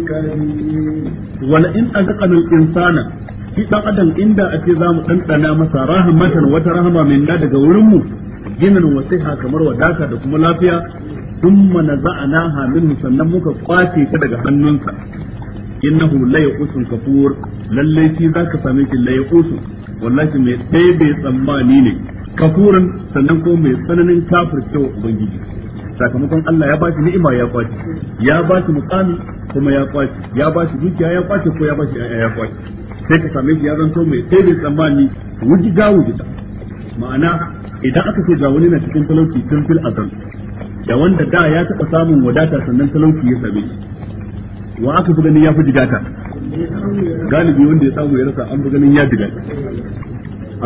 Speaker 2: كبير ولئن أذقنا الإنسان shi dan
Speaker 1: adam inda a ce zamu ɗanɗana masa rahmatan wata rahama min da daga wurin mu ginin wasiha kamar wadata da kuma lafiya thumma naza'naha minhu sannan muka kwace ta daga hannunsa innahu la yaqusun kafur lalle shi zaka same shi la yaqusu wallahi mai dai tsammani ne kafurin sannan ko mai tsananin kafircewa ubangiji sakamakon Allah ya bashi ni'ima ya kwace ya bashi mukami kuma ya kwace ya bashi dukiya ya kwace ko ya bashi ya kwace sai ka same shi ya zanto mai sai bai tsammani wuji ga gida ma'ana idan aka ce ga wani na cikin talauci tun fil azam da wanda da ya taɓa samun wadata sannan talauci ya same shi wa aka fi ganin ya fi jigata galibi wanda ya samu ya rasa an fi ganin ya jigata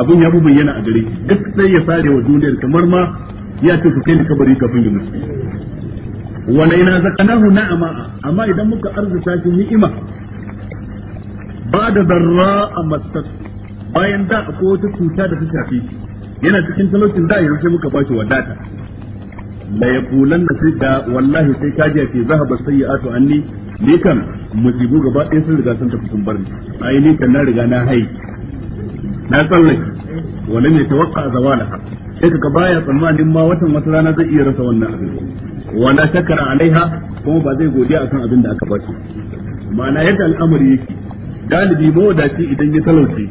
Speaker 1: abin ya fi bayyana a gare duk sai ya sare wa duniyar kamar ma ya ce ku kai ni kabari kafin ya mutu wane ina zakanahu na'ama amma idan muka arzuta shi ni'ima ba da zarra a mastat bayan da akwai wata cuta da ta shafi yana cikin talaucin da yanzu muka ba shi wadata la yaqulan da sai da wallahi sai ka ji fi zahaba ato anni ni kan musibu gaba ɗaya sun riga sun tafi sun bar ni ai ni kan na riga na hai na tsallake Wani ne a zawala sai kaga baya tsammanin ma watan wata rana zai iya rasa wannan abin wala shakara alaiha kuma ba zai godiya akan abin da aka ba shi ma'ana yadda al'amari yake galibi mawadaci idan ya talauce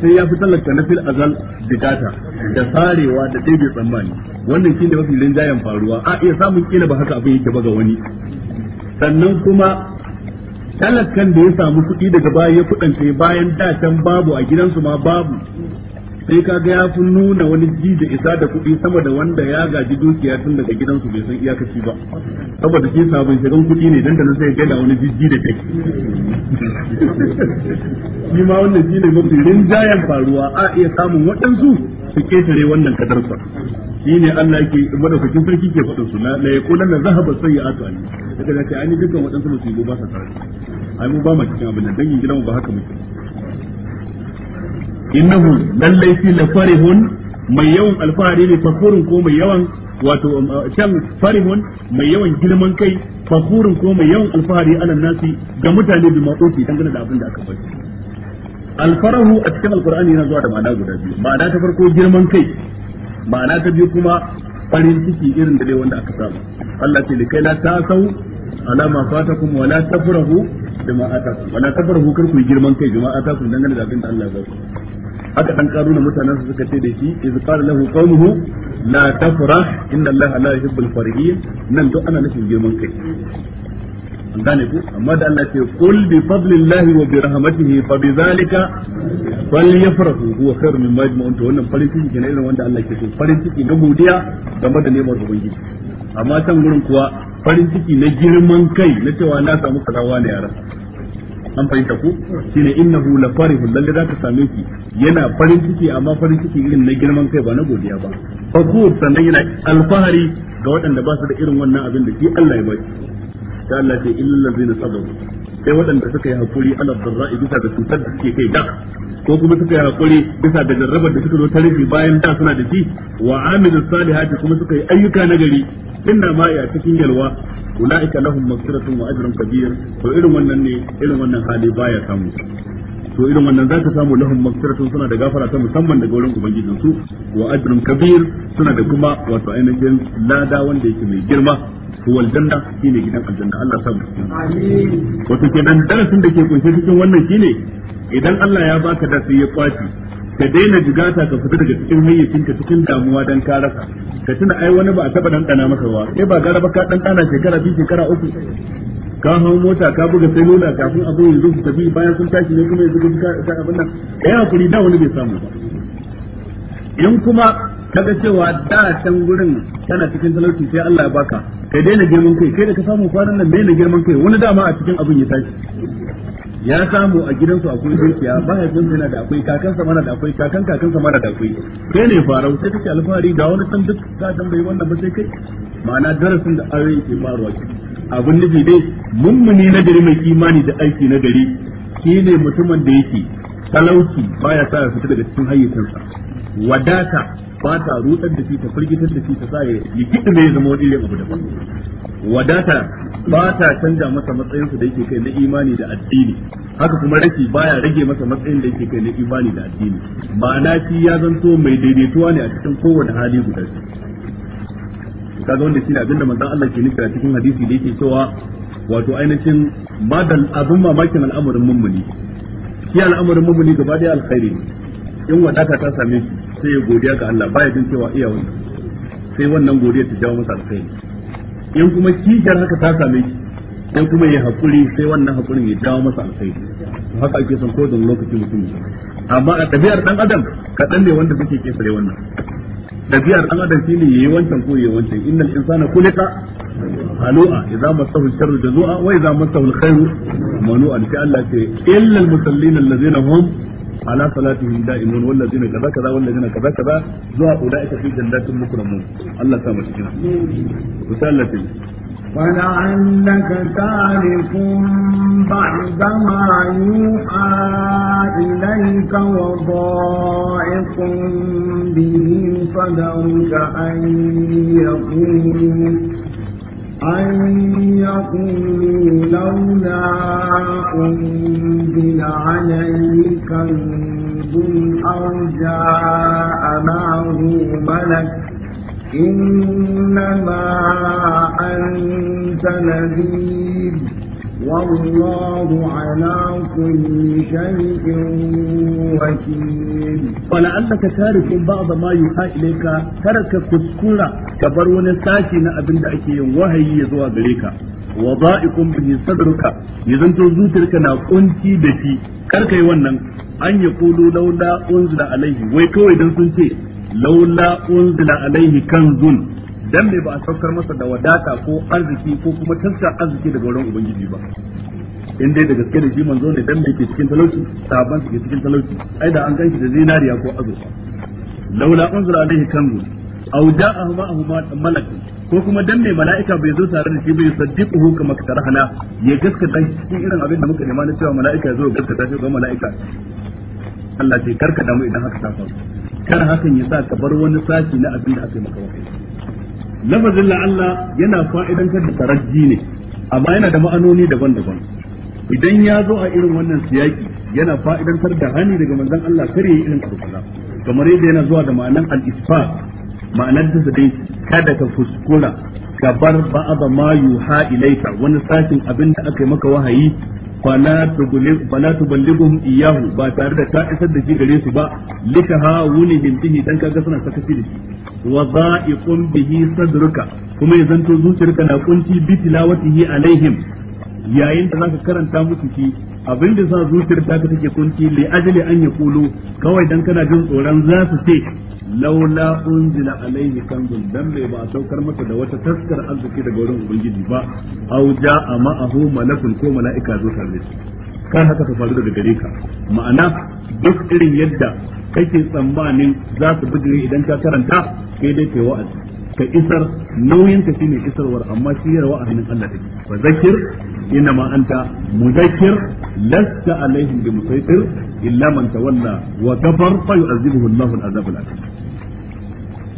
Speaker 1: sai ya fi tallata na fil azal bukata da sarewa da ɗebe tsammani wannan shi ne mafi rinjayen faruwa a iya samun kila ba haka abin yake ba ga wani sannan kuma talakan da ya samu kuɗi daga bayan ya kuɗance bayan da can babu a gidansu ma babu sai ga ya fi nuna wani ji da isa da kuɗi sama da wanda ya gaji dukiya tun daga gidansu bai san iyakaci ba saboda shi sabon shigan kuɗi ne dan da nan sai ga da wani jiji da kai shi ma wannan shi ne mafi rinjayen faruwa a iya samun waɗansu su ketare wannan kadarsa ne Allah yake madaukakin sarki ke faɗin su la kula na zahaba sayyi'atu an daga ce ainihin dukkan waɗansu yi ba sa tare ai mu ba mu cikin abin da dangin gidanmu ba haka muke innahu lallai fi la farihun mai yawan alfahari ne fakurun ko mai yawan wato shan farihun mai yawan girman kai fakurun ko mai yawan alfahari alan nasi ga mutane bi ma'uti dangane da abin da aka bari alfarahu a cikin alkur'ani yana zuwa da ma'ana guda biyu ma'ana ta farko girman kai ma'ana ta biyu kuma farin ciki irin da dai wanda aka samu Allah ce da kai la tasau ala ma fatakum wa la tafrahu bima atakum wa la tafrahu kar ku girman kai bima atakum dangane da abin da Allah ya ba haka dan karuna mutanen su suka ce da shi iz qala lahu qawmuhu la tafrah inna allaha la yuhibbul farihin nan duk ana nufin girman kai an gane ku amma da Allah ce qul bi fadlillahi wa bi rahmatihi fa bi zalika falyafrahu huwa khairun mimma yajma'un to wannan farin ciki ne irin wanda Allah ke so farin ciki na godiya game da neman ubangiji amma can gurin kuwa farin ciki na girman kai na cewa na samu kazawa ne yaran an fahimta ku shine innahu la farihun lalle zaka same shi yana farin ciki amma farin ciki irin na girman kai ba na godiya ba fakur sannan yana alfahari ga waɗanda ba su da irin wannan abin da shi Allah ya ba shi ta Allah ce illal ladzina sabaru sai waɗanda suka yi hakuri ala darra'i bisa da cutar da suke kai da ko kuma suka yi hakuri bisa da jarrabar da suka zo ta bayan da suna da shi wa amilu salihati kuma suka yi ayyuka na gari inna ma ya cikin yalwa ulaika lahum maghfiratun wa ajrun kabir to irin wannan ne irin wannan hali baya samu to irin wannan zaka samu lahum maghfiratun suna da gafara ta musamman daga wurin ubangijinsu wa ajrun kabir suna da kuma wato ainihin lada wanda yake mai girma huwa aljanna shine gidan aljanna Allah sa mu darasin da ke kunshe cikin wannan shine idan Allah ya baka da sai ya kwaci ka daina jigata ka fita daga cikin hayyacinka cikin damuwa dan ka rasa ka tuna ai wani ba a taba dan dana masa ba sai ba gara ka dan dana shekara biyu shekara uku ka hau mota ka buga selula kafin abu yanzu su bayan sun tashi ne kuma yanzu ka abin nan kai hakuri da wani bai samu ba in kuma kaga cewa da can gurin tana cikin talauci sai Allah ya baka kai daina girman kai kai da ka samu kwanan nan daina girman kai wani dama a cikin abin ya
Speaker 3: tashi
Speaker 1: ya samu a gidansu akwai dukiya mahaifinsa yana da akwai kakansa mana da akwai kakan kakansa mana da akwai kai ne farau sai kake alfahari ga wani san duk ka tambayi wannan ba sai kai ma'ana darasin da aure yake faruwa abin nufi dai mummuni na gari mai imani da aiki na gari ne mutumin da yake talauci baya sa ya fita daga cikin hayyacinsa wadata ba ta rutsar da shi ta firgitar da shi ta sa ya kiɗi ne ya zama wani irin abu daban wadata ba ta canza masa matsayin da yake kai na imani da addini haka kuma rashi baya rage masa matsayin da yake kai na imani da addini ma'ana shi ya zanto mai daidaituwa ne a cikin kowane hali guda shi kaga wanda shine abinda manzon Allah ke nufi a cikin hadisi da yake cewa wato ainihin madal abun mamakin al'amarin mummuni shi al'amarin mummuni gaba daya alkhairi in wadata ta same shi sai ya godiya ga Allah baya jin cewa iya wani sai wannan godiya ta jawo masa alkhairi in kuma kishar haka ta same shi sai kuma ya hakuri sai wannan hakurin ya jawo masa alkhairi haka ake son kodin lokaci mutum amma a ɗabi'ar ɗan adam kaɗan ne wanda kuke kesare wannan ɗabi'ar ɗan adam shine yayi wancan ko yayi wancan innal insana khuliqa halu'a idza massahu sharru jazua wa idza massahu alkhairu manu'a sai Allah ce illal musallin allazina hum ala salatihim da'imun wallazina kaza kaza wallazina kaza kaza zuwa ulaika fi jannatin mukramun Allah ta mutu kina ta yi
Speaker 2: ولعلك تارك بعد ما يوحى إليك وضائق به صدرك أن يقولوا أن يقولوا لولا أنزل عليه كنز أو جاء معه ملك إنما أنت نذير والله على كل شيء وكيل ولعلك تارك بعض ما يوحى إليك
Speaker 1: ترك كسكورة كبرون ونساكي نأبن دعكي وهي يزوى غريك وضائق به صدرك إذا أنت زوترك نقنتي بتي karkai wannan an ya kulu laula unzila alaihi wai kawai dan sun ce laula unzila alaihi kanzun dan me ba a saukar masa da wadata ko arziki ko kuma taskar arziki daga wurin ubangiji ba in dai da gaske da shi manzo ne dan me ke cikin talauci saban ke cikin talauci ai da an ganshi da zinariya ko azurfa laula unzira alaihi kanzu aw ja'ahu ma'ahuma malakun ko kuma dan me mala'ika bai zo tare da shi bai saddiquhu kama hana ya gaske gaskata cikin irin abin da muka nema na cewa mala'ika ya zo gaske ta ga mala'ika Allah ce karka damu idan haka ta faru kar hakan ya sa ka bar wani sashi na abin da aka yi maka wakai lafazin la'alla yana fa'idantar da taraji ne amma yana da ma'anoni daban-daban idan ya zo a irin wannan siyaki yana fa'idantar da hani daga manzon Allah kare ya irin kaza kamar yadda yana zuwa da ma'anan al-isfar ma'anar ta kada ka kuskura ka bar ba'da ma yuha ilaika wani sashin abin da aka yi maka wahayi fala tubligh iyahu ba tare da ka isar da shi gare su ba litahawunihim bihi dan kaga suna sakaci da shi wa dha'iqun bihi sadruka kuma ya zanto zuciyarka na kunci bi tilawatihi alaihim yayin da zaka karanta musu shi abin da sa zuciyar ta take kunci li ajli an yaqulu kawai dan kana jin tsoron za su ce laula unzila alaihi kanzun dan bai ba a saukar masa da wata taskar arziki daga wurin ubangiji ba aw ja'a ma'ahu malakun ko mala'ika zo tare Kar shi haka ta faru daga gare ka ma'ana duk irin yadda kake tsammanin za su bijire idan ka karanta sai dai kai wa'azi ka isar nauyin ka shine isarwar amma shiyarwa a hannun Allah take fa zakir inna ma anta mudakkir lasta alaihim bi musaitir illa man tawalla wa kafar fa yu'azibuhu Allah al'azab al'alim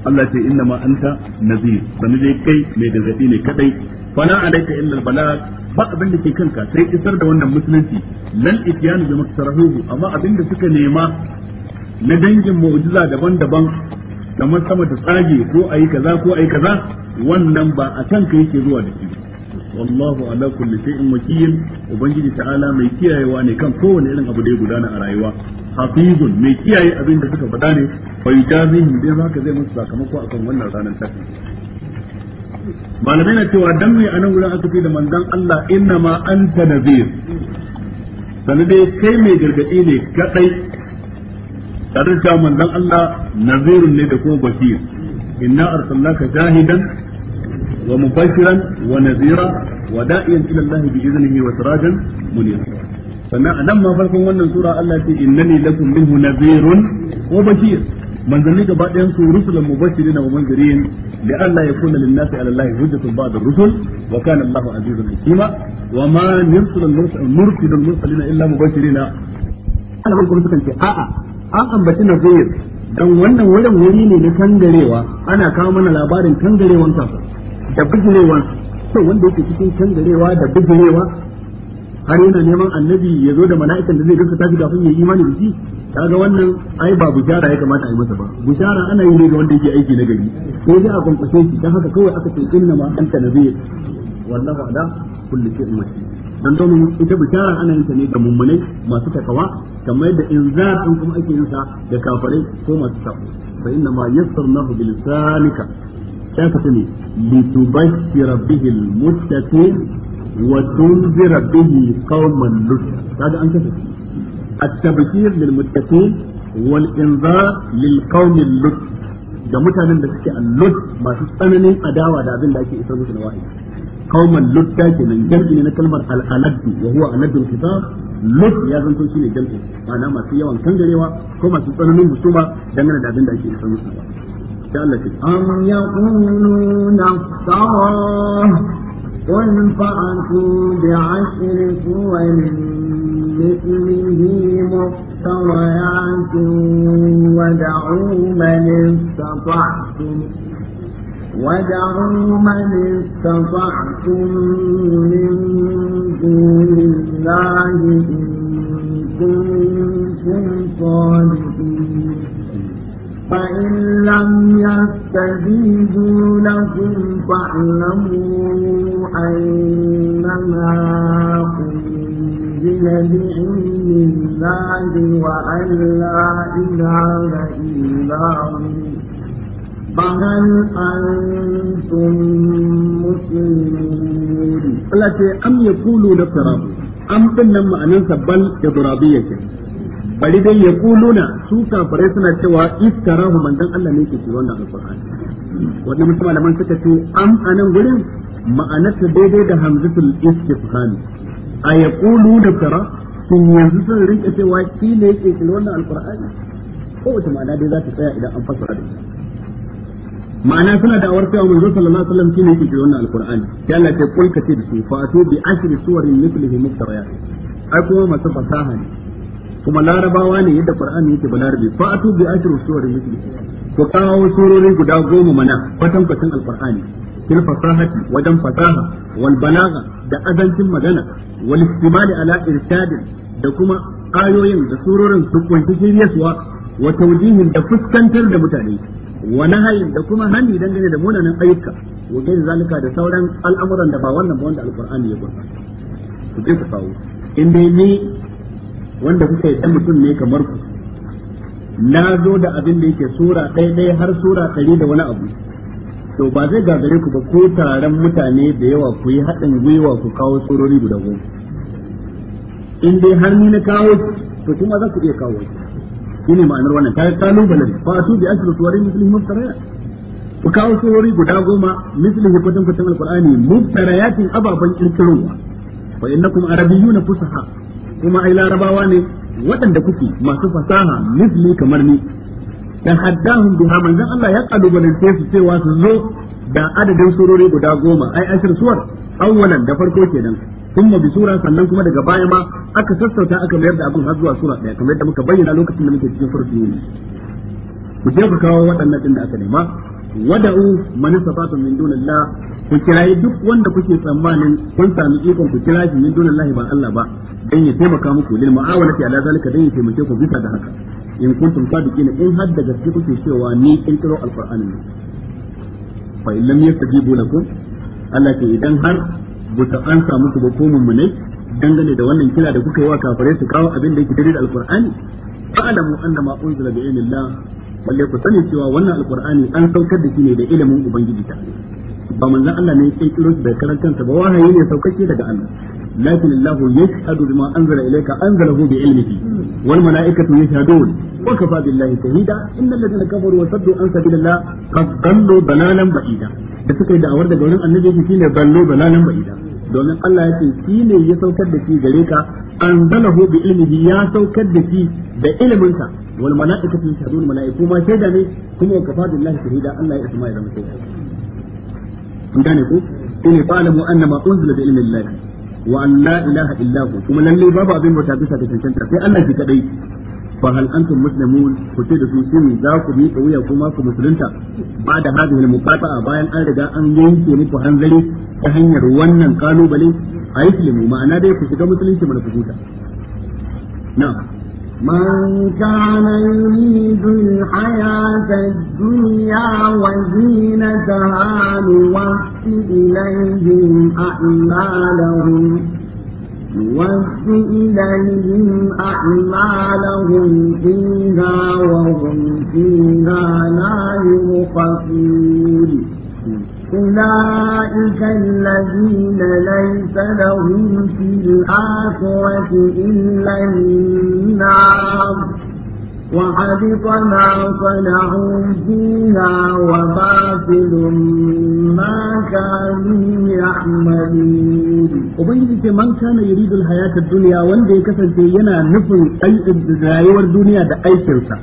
Speaker 1: Allah ce inna ma anta nazir sanin dai kai mai gargadi ne kadai fana alaika illa al-balag ba abin da ke kanka sai isar da wannan musulunci lal ityanu bi maktarahu amma abin da suka nema na dangin mu'jiza daban-daban kamar sama ta tsage ko ayi kaza ko ayi kaza wannan ba a can ka yake zuwa da shi wallahu ala kulli shay'in wakil ubangiji ta'ala mai kiyayewa ne kan kowane irin abu da ya gudana a rayuwa hafizun mai kiyaye abin da suka faɗa ne fa yujazihim dai haka zai musu sakamako akan wannan ranar tafi malamai na cewa dan mai anan wurin aka fi da manzon Allah inna ma anta nadir sanadai kai mai gargadi ne kadai tare da cewa manzon Allah nazirun ne da kuma bashir inna arsalnaka jahidan wa mubashiran wa nazira wa da'iyan ila Allah bi iznihi wa sirajan munira sannan a nan ma farkon wannan sura Allah ce innani lakum minhu nazirun wa bashir manzanni gaba ɗayan su rusulan mubashirin wa munzirin li alla yakuna lin nasi ala Allah hujjatun ba'da rusul wa kana Allahu azizun hakima wa ma nursilul mursalina illa mubashirin ana kuma sukan ce a'a an ambaci nazir dan wannan wurin wuri ne na tangarewa ana kawo mana labarin tangarewan kafa da bijirewan wanda yake cikin tangarewa, da bijirewa har yana neman annabi ya zo da mala'ikan da zai gaskata tafi kafin ya yi imani da shi kaga wannan ai ba bushara ya kamata a yi masa ba Bujara ana yi ne ga wanda yake aiki na gari sai dai a kunkushe shi ta haka kawai aka ce inna ma anta nabiyyu wallahu ala kulli shay'in wakil dan domin ita bishara ana yin ta ne ga mummunai masu takawa kamar yadda inzar din kuma ake yin sa ga kafirai ko masu takawa fa inna ma yassarnahu bil lisanika ya kace ne litubashshira bihi al muttaqin wa tunzira bihi qauman lut kaga an kace at-tabshir lil muttaqin wal inzar lil qaumi lut ga mutanen da suke al-lut masu tsananin adawa da abin da ake isa musu na wahayi قوما اللد تاكي من جمعي من كلمة الألد وهو ألد الكتاب لد يا زنطو شيء الجمع أنا ما في يوم كان جريوا كما تسألوا من مسلمة دمنا دابين دايشي إسلام مسلمة قال لك
Speaker 2: أم يقولون افترى قل فأتوا بعشر سور مثله مفتريات ودعوا من استطعتم ودعوا من استطعتم من دون الله إن كنتم صالحين فإن لم يستجيبوا لكم فاعلموا أنما أنزل بعلم الله وأن لا إله إلا هو فهل أنتم مسلمون التي
Speaker 1: أم يقولوا لفراب أم إنما أن أننسى بل إضرابية bari dai ya kuluna su kafirai suna cewa دن manzon Allah ne ke cewa wannan alqur'ani wannan mutum malaman suka ce am anan gurin ma'anarsa daidai da hamzatul istifham a yaqulu da tara sun yanzu sun rinka cewa shi ne yake cewa wannan alqur'ani ko wata ma'ana dai za ta tsaya idan an fasara da ma'ana suna da awarta wa manzo sallallahu alaihi wasallam shine yake wannan alqur'ani ya Allah sai kulka ce da su fa atu bi ashri suwarin mithlihi muftariyat ai kuma masu fasaha ne kuma larabawa ne yadda qur'ani yake ba larabi fa atu bi ashri suwarin mithlihi ko kawo surori guda goma mana kwatan kwatan alqur'ani fil fasahati wajen fasaha wal balagha da azancin magana wal istimali ala irshadin da kuma ayoyin da surorin su kunshi shiryaswa wa tawjihin da fuskantar da mutane wa nahayin da kuma hani dangane da munanan ayyuka wa kai zalika da sauran al'amuran da ba wannan ba wanda alqur'ani ya gurfa to je ku kawo in dai ni wanda kuka yi mutum ne kamar ku na zo da abin da yake sura ɗaya ɗaya har sura ɗari da wani abu to ba zai gagare ku ba ko taron mutane da yawa ku yi haɗin gwiwa ku kawo surori guda goma in dai har ni na kawo to kuma za ku iya kawo shi shine ma'anar wannan ta kalu kalubale fa tu bi asru suwarin mislihi muftariyat ku kawo suwari guda goma mislihi kwatan kwatan alqur'ani muftariyatin ababan kirkirowa fa innakum arabiyyuna fusaha kuma ai larabawa ne waɗanda kuke masu fasaha misli kamar ni dan haddahum duha manzon Allah ya kalubalance su cewa su zo da adadin surori guda goma ai ashir suwar awwalan da farko kenan thumma bi sura sannan kuma daga baya ma aka sassauta aka mayar da abin har zuwa sura daya kamar yadda muka bayyana lokacin da muke cikin suratul yunus ku je ku kawo waɗannan din da aka nema wada'u man istata'tum min dunillah ku kirayi duk wanda kuke tsammanin kun sami ikon ku kira shi min dunillahi ba Allah ba dan ya taimaka muku lil mu'awalati ala zalika dan ya taimake ku bisa da haka in kuntum sadiqina in har da gaske kuke cewa ni in kiro alqur'anin fa in lam yastajibu lakum Allah ce idan har ba ta an samu ku ba ko ne dangane da wannan kira da kuka yi wa kafare su kawo abin da yake al'kur'ani da alqur'ani fa'lamu anna unzila bi ilmillah balle ku sani cewa wannan al'kur'ani an saukar da shi ne da ilimin ubangiji ta ba manzon Allah ne ya kirkiro da karan kansa ba wahayi ne saukake daga Allah lakin Allah yashhadu bima anzala ilayka anzalahu bi ilmihi wal malaikatu yashhadun wa kafa billahi shahida innal ladina kafaru wa saddu an sabilillah qad dallu dalalan ba'ida da suka yi da'awar daga wurin annabi yake shine ballo balalan ba'ida domin Allah ya ce shi ne ya saukar da shi gare ka anzalahu bi ilmihi ya saukar da shi da ilimin ka wal malaikatu yashhadun malaiku ma shaida ne kuma ya kafa Allah shahida Allah ya isma ya zama shaida kun gane ko in fa'lamu annama unzila bi ilmi Allah wa an la ilaha illa hu kuma lalle babu abin bauta bisa ga cancanta sai Allah shi kadai fa hal antum muslimun ku ce da su shin za ku wuya kuma ku musulunta ba da hadhihi al bayan an riga an yanke muku hanzari ta hanyar wannan kalubale ayyukum ma'ana dai ku shiga musulunci mana ku huta na'am
Speaker 2: من كان يريد الحياة الدنيا وزينتها نوفي إليهم أعمالهم يوفي إليهم أعمالهم فيها وهم فيها لا يبخسون أولئك الذين ليس لهم في الآخرة إلا النار وحبط ما صنعوا فيها وباطل ما كانوا يعملون
Speaker 1: وبنجي من كان يريد الحياة الدنيا وان دي كسنتي ينا نفن أي رايور دنيا دا أي كنسا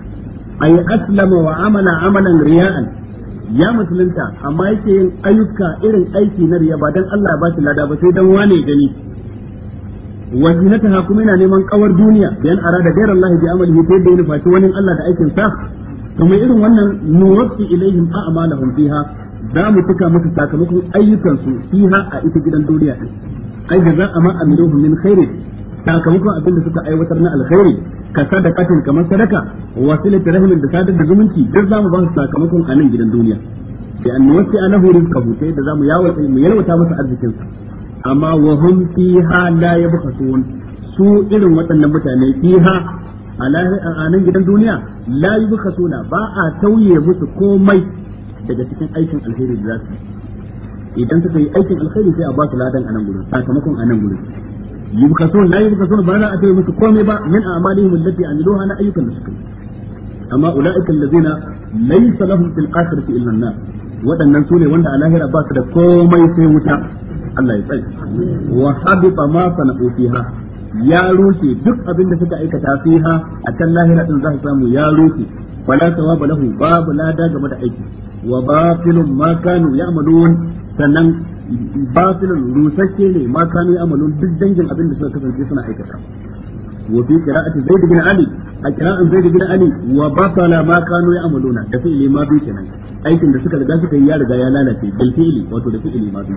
Speaker 1: أي أسلم وعمل عملا رياء ya musulunta amma yake yin ayyuka irin aiki na riya ba dan Allah ba shi lada ba sai dan wane gani wa zinataha kuma yana neman kawar duniya bayan arada gairar Allah bi amalihi ta yadda yana faci wani Allah da aikin sa kamar irin wannan nuwaffi ilaihim a'malahum fiha za mu tuka musu sakamakon ayyukan su fiha a ita gidan duniya din ai jaza amma amiluhum min khairin sakamakon abin da suka aiwatar na alkhairi ka sadaqatin kamar sadaka wasilatu rahimin da sadar da zumunci duk za mu ba sakamakon a nan gidan duniya sai an nuwaffi alahu rizqahu ta yadda za mu yawata mu yalwata masa arzikin sa amma wa hum fiha la yabkhasun su irin waɗannan mutane fiha a nan gidan duniya la yabkhasuna ba a tauye musu komai daga cikin aikin alheri da zasu idan suka yi aikin alheri sai a ba su ladan nan gurin sakamakon anan gurin yabkhasun la yabkhasun ba za a tauye musu komai ba min a'malihim allati amiluha na ayyukan da suka yi amma ula'ika allazina laysa lahum fil akhirati illa an-nar waɗannan su ne wanda a lahira ba su da komai sai wuta Allah ya tsare wa Habiba ma sana'u fiha ya rushe duk abin da suka aikata fiha a kan lahira din za su samu ya rushe fala thawaba lahu babu lada game da aiki wa batilun ma kanu ya'malun sannan batilun rusasshe ne ma kanu ya'malun duk dangin abin da suka kasance suna aikata وفي قراءة زيد بن علي قراءة زيد بن علي وبطل ما كانوا يعملون ده فعل ما بي kenan aikin da suka riga suka yi ya riga ya lalace bil fi'li wato da fi'li ma bi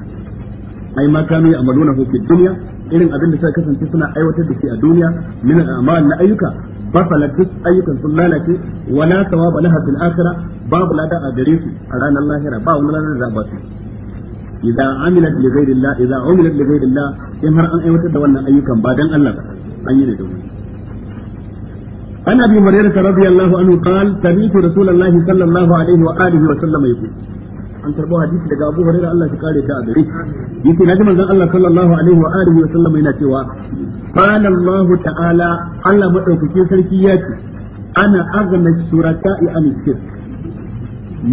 Speaker 1: ai ma kanu ya amaluna hu fi dunya irin abin da suka kasance suna aiwatar da shi a duniya min al'amal na ayyuka fasala duk ayyukan sun lalace wala thawaba laha fil akhirah babu lada a gare su a ranar lahira ba wani ranar da ba su idza amilat li ghayri Allah idza umilat li ghayri in har an aiwatar da wannan ayyukan ba dan Allah an yi da domin عن ابي هريره رضي الله عنه قال سمعت رسول الله صلى الله wa واله وسلم يقول an tarbo hadisi daga Abu Hurairah Allah ya kare ta a gare shi. yace naji manzon Allah sallallahu alaihi wa alihi wa sallam yana cewa qala Allah ta'ala Allah madaukakin sarki ya ce ana azna shuraka'i an shirk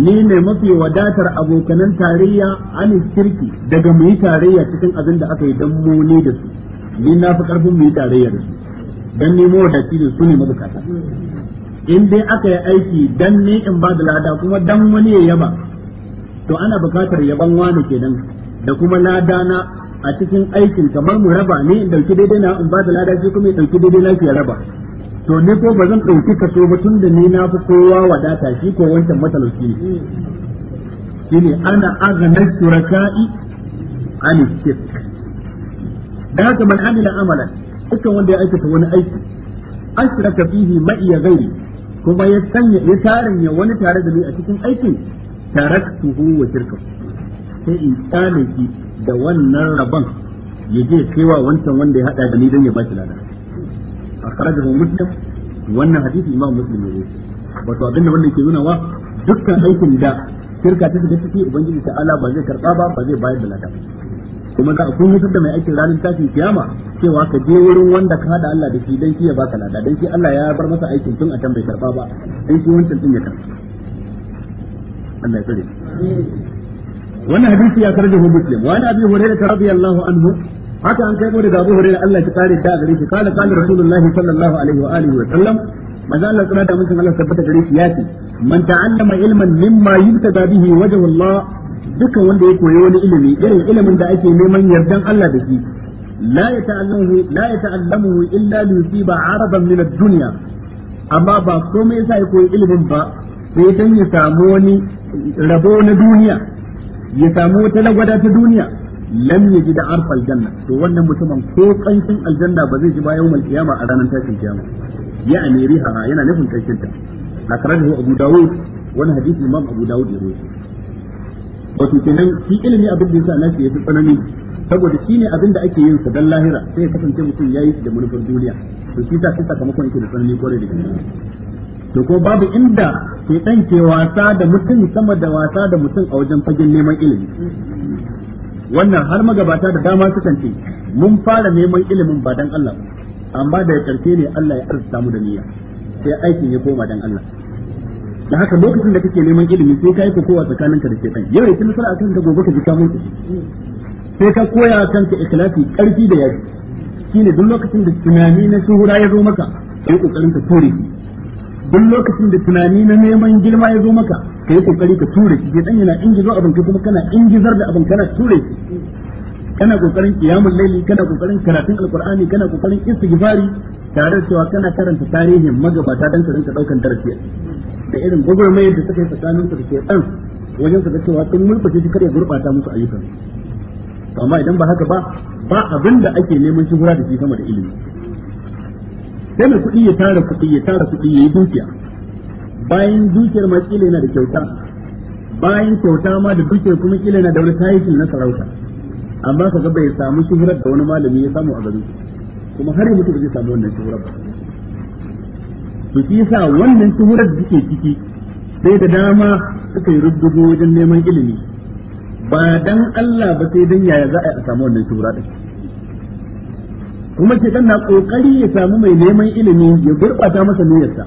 Speaker 1: ni ne mafi wadatar abokanan tarayya an shirki daga mu tarayya cikin abin da aka yi dan mu ne da su ni na fi karfin mu tarayya da su dan nemo wadaci da su ne mabukata in dai aka yi aiki dan ne in ba da lada kuma dan wani ya yaba to ana bukatar yaban wani kenan da kuma ladana a cikin aikin kamar mu raba ne in dauki daidai na in ba da lada shi kuma ya dauki daidai na ke ya raba to ne ko ba zan dauki kaso ba tun da ni na fi kowa wadata shi ko wancan matalauci ne shine ana agana shuraka'i ani shirk da haka man amila amalan dukkan wanda ya aikata wani aiki ashraka fihi ma'iya gairi kuma ya sanya ya ya wani tare da ni a cikin aikin taraktuhu wa shirka sai in tsane da wannan rabon ya je kaiwa wancan wanda ya hada da ni don ya bashi lada
Speaker 3: A
Speaker 1: akhrajahu muslim wannan hadisi imam muslim ne wato abinda wannan ke nuna wa dukkan aikin da shirka ta shiga ciki ubangiji ta ala ba zai karba ba ba zai bayar da lada kuma za a kun da mai aikin ranar tashin kiyama cewa ka je wurin wanda ka hada Allah da shi dan shi ya baka lada dan shi Allah ya bar masa aikin tun a can bai karba ba dan shi wancan din ya karba Allah ya tsare wannan hadisi ya karjahu muslim wa an abi hurairah radiyallahu anhu haka an kai mu daga abu hurairah Allah ya tsare ta gare shi kana kana rasulullahi sallallahu alaihi wa alihi wa sallam manzo Allah tsara da mutum Allah tabbata gare shi yace man ta'allama ilman mimma yubtada bihi wajhu Allah duka wanda ya koyi wani ilimi irin ilimin da ake neman yardan Allah da shi la yata'allamu la yata'allamu illa li yusiba 'aradan min ad-dunya amma ba komai yasa ya koyi ilimin ba sai dan ya samu wani rabo na duniya ya samu wata lagwada ta duniya lam yaji da arfal aljanna to wannan mutumin ko kanshin aljanna ba zai ji ba yawmal kiyama a ranar tashin kiyama ya amiri ha yana nufin kanshin ta akrahu abu dawud wani hadisi imam abu dawud ya rawaito wato kenan shi ilimi abin da yasa nashi yafi tsanani saboda shi ne abin da ake yin sa dan lahira sai ya kasance mutum yayi da manufar duniya to shi ta sai sakamakon yake da tsanani kore da gaske to ko babu inda san ke wasa da mutum sama da wasa da mutum a wajen fagen neman ilimi wannan har magabata da dama sukan ce mun fara neman ilimin ba dan Allah amma da karfe ne Allah ya arzuta mu da niyya sai aikin ya koma dan Allah da haka lokacin da kake neman ilimi sai kai kokowa ka da shedan yau yake nasara akan ka gobe ka ji kamun sai ka koya ka ikhlasi karfi da yaji shine duk lokacin da tunani na shuhura ya zo maka sai kokarin ka tore shi duk lokacin da tunani na neman girma ya zo maka yi kokari ka ture shi dan yana ingizo abin kuma kana ingizar da abin kana ture shi kana kokarin qiyamul layli kana kokarin karatun alqur'ani kana kokarin istighfari tare da cewa kana karanta tarihin magabata dan ka rinka daukan darasi da irin gwagwarmayar da suka yi tsakanin su da ke dan wajen su da cewa sun mulkace shi kare gurbata musu ayyukan amma idan ba haka ba ba abin da ake neman shuhura da shi sama da ilimi sai mai kuɗi ya tara kuɗi ya tara kuɗi ya yi dukiya bayan dukiyar ma kila yana da kyauta bayan kyauta ma da dukiyar kuma kila yana da wani tarihin na sarauta amma kaga bai samu shuhurar da wani malami ya samu a gari kuma har yanzu ba zai samu wannan shuhurar ba to shi yasa wannan shuhurar da suke ciki sai da dama suka yi rubdugo wajen neman ilimi ba dan Allah ba sai dan yaya za a samu wannan shuhura din kuma shi na kokari ya samu mai neman ilimi ya gurbata masa niyyarsa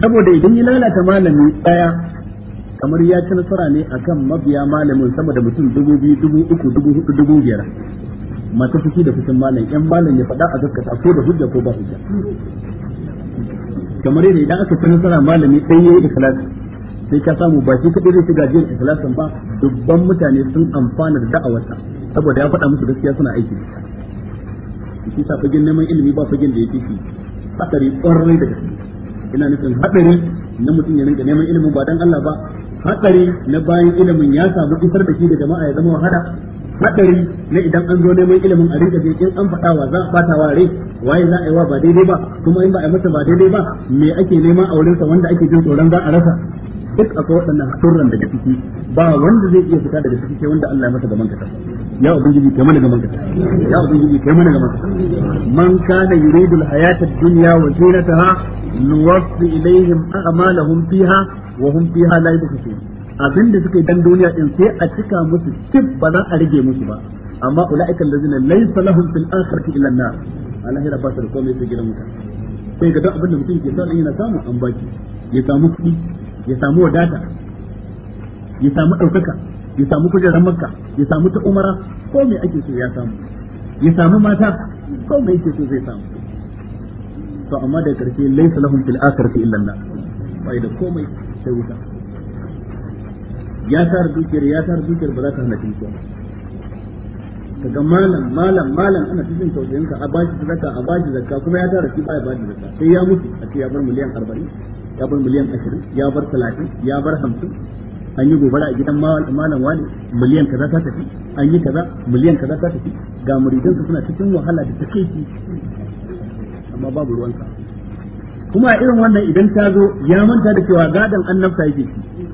Speaker 1: saboda idan ya lalata malami daya kamar ya ci nasara ne akan mabiya malamin sama da mutum dubu biyu dubu uku dubu hudu dubu biyar masu fushi da fushin malam yan malam ya faɗa a gaskata ko da hujja ko ba hujja kamar yadda idan aka ci nasara malami ɗaya ya yi ikhlasi sai ka samu baki shi kadai zai shiga jiyar ikhlasin ba dubban mutane sun amfana da da'awarsa saboda ya faɗa musu gaskiya suna aiki da shi sa fagen neman ilimi ba fagen da ya fi hatsari kwarai da gaske ina nufin hatsari na mutum ya rinka neman ilimin ba dan Allah ba hatsari na bayan ilimin ya samu isar da shi da jama'a ya zama wahala hatsari na idan an zo neman ilimin a rinka jin in an wa za a bata wa rai waye za a yi wa ba daidai ba kuma in ba a yi masa ba daidai ba me ake nema a wurinsa wanda ake jin tsoron za a rasa duk akwai waɗannan haɗurran daga ciki ba wanda zai iya fita daga ciki wanda Allah ya masa ya ubangiji kai mana gaban kasa ya ubangiji kai mana gaban kasa man kana yuridu al-hayata ad-dunya wa zinataha nuwaffi ilayhim a'malahum fiha wa hum fiha la yubkhsun abinda suke dan duniya din sai a cika musu tip ba za a rage musu ba amma ula'ika allazina laysa lahum fil akhirati illa an-nar alahira ba su da komai sai gidan mutane sai ga duk abin da mutum ke sa yana samu an baki ya samu kuɗi ya samu wadata ya samu ɗaukaka ya samu kujerar makka ya samu ta umara ko mai ake so ya samu ya samu mata ko mai ake so zai samu to amma da karshe laysa lahum fil akhirati illa an bai da komai sai wuta ya tar dukiyar ya tar dukiyar ba za ta hana shi ba kaga malam malam malam ana cikin tausayin ka a bashi zakka a bashi zakka kuma ya tara shi ba ya bashi zakka sai ya mutu a ce ya bar miliyan 40 ya bar miliyan 20 ya bar 30 ya bar 50 an yi gobara a gidan malam wani miliyan kaza ta tafi an yi kaza miliyan kaza ta tafi ga su suna cikin wahala da shi amma babu ruwansa kuma a irin wannan idan ta zo ya manta da cewa gadan annabta yake shi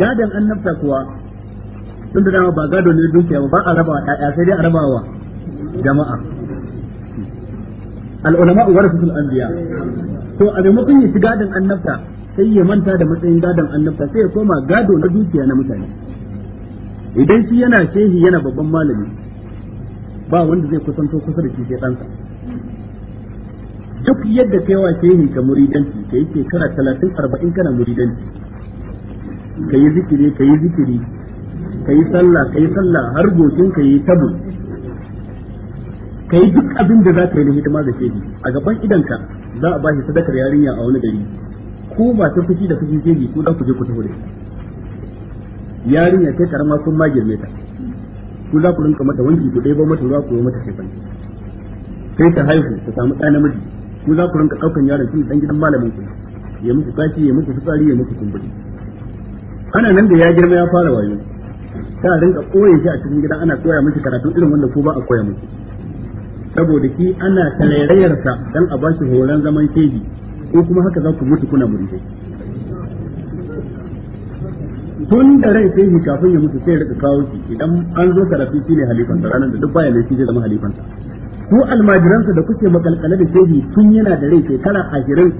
Speaker 1: gadan annabta kuwa tun da dama ba gado ne dukiya ba ba a raba wa ɗaya sai dai a raba wa jama'a al'ulama warasatul anbiya to a maimakon ya ci gadon annabta sai ya manta da matsayin gadon annabta sai ya koma gado na dukiya na mutane idan shi yana shehi yana babban malami ba wanda zai kusanto kusa da shi ɗansa duk yadda kai wa shehi ka muridanci kai shekara talatin arba'in kana muridanci ka yi zikiri ka yi zikiri ka yi sallah ka yi sallah har gokin ka yi tabu kai duk abin da za ka yi da hidima da shehi a gaban idanka za a bashi sadakar yarinya a wani gari ko ba ta fushi da fushi shehi ko za ku je ku taho da yarinya ta karama sun ma girme ta ku za ku rinka mata wanki ku ba mata ruwa ku yi mata shefan sai ta haihu ta samu ɗa namiji ku za ku rinka ɗaukan yaron shi ɗan gidan malamin ku ya muku kashi ya muku fitsari ya muku kumburi ana nan da ya girma ya fara wayo ta rinka koye shi a cikin gidan ana koya miki karatu irin wanda ko ba a koya miki saboda shi ana tarairayarsa dan a bashi horon zaman keji ko kuma haka za ku mutu kuna muridai tun da rai sai mu kafin ya mutu sai ya rika kawo shi idan an zo karatu shine halifansa ranar da duk baya shi zai zama halifansa ko almajiransa da kuke makalkale da shehi tun yana da rai shekara ashirin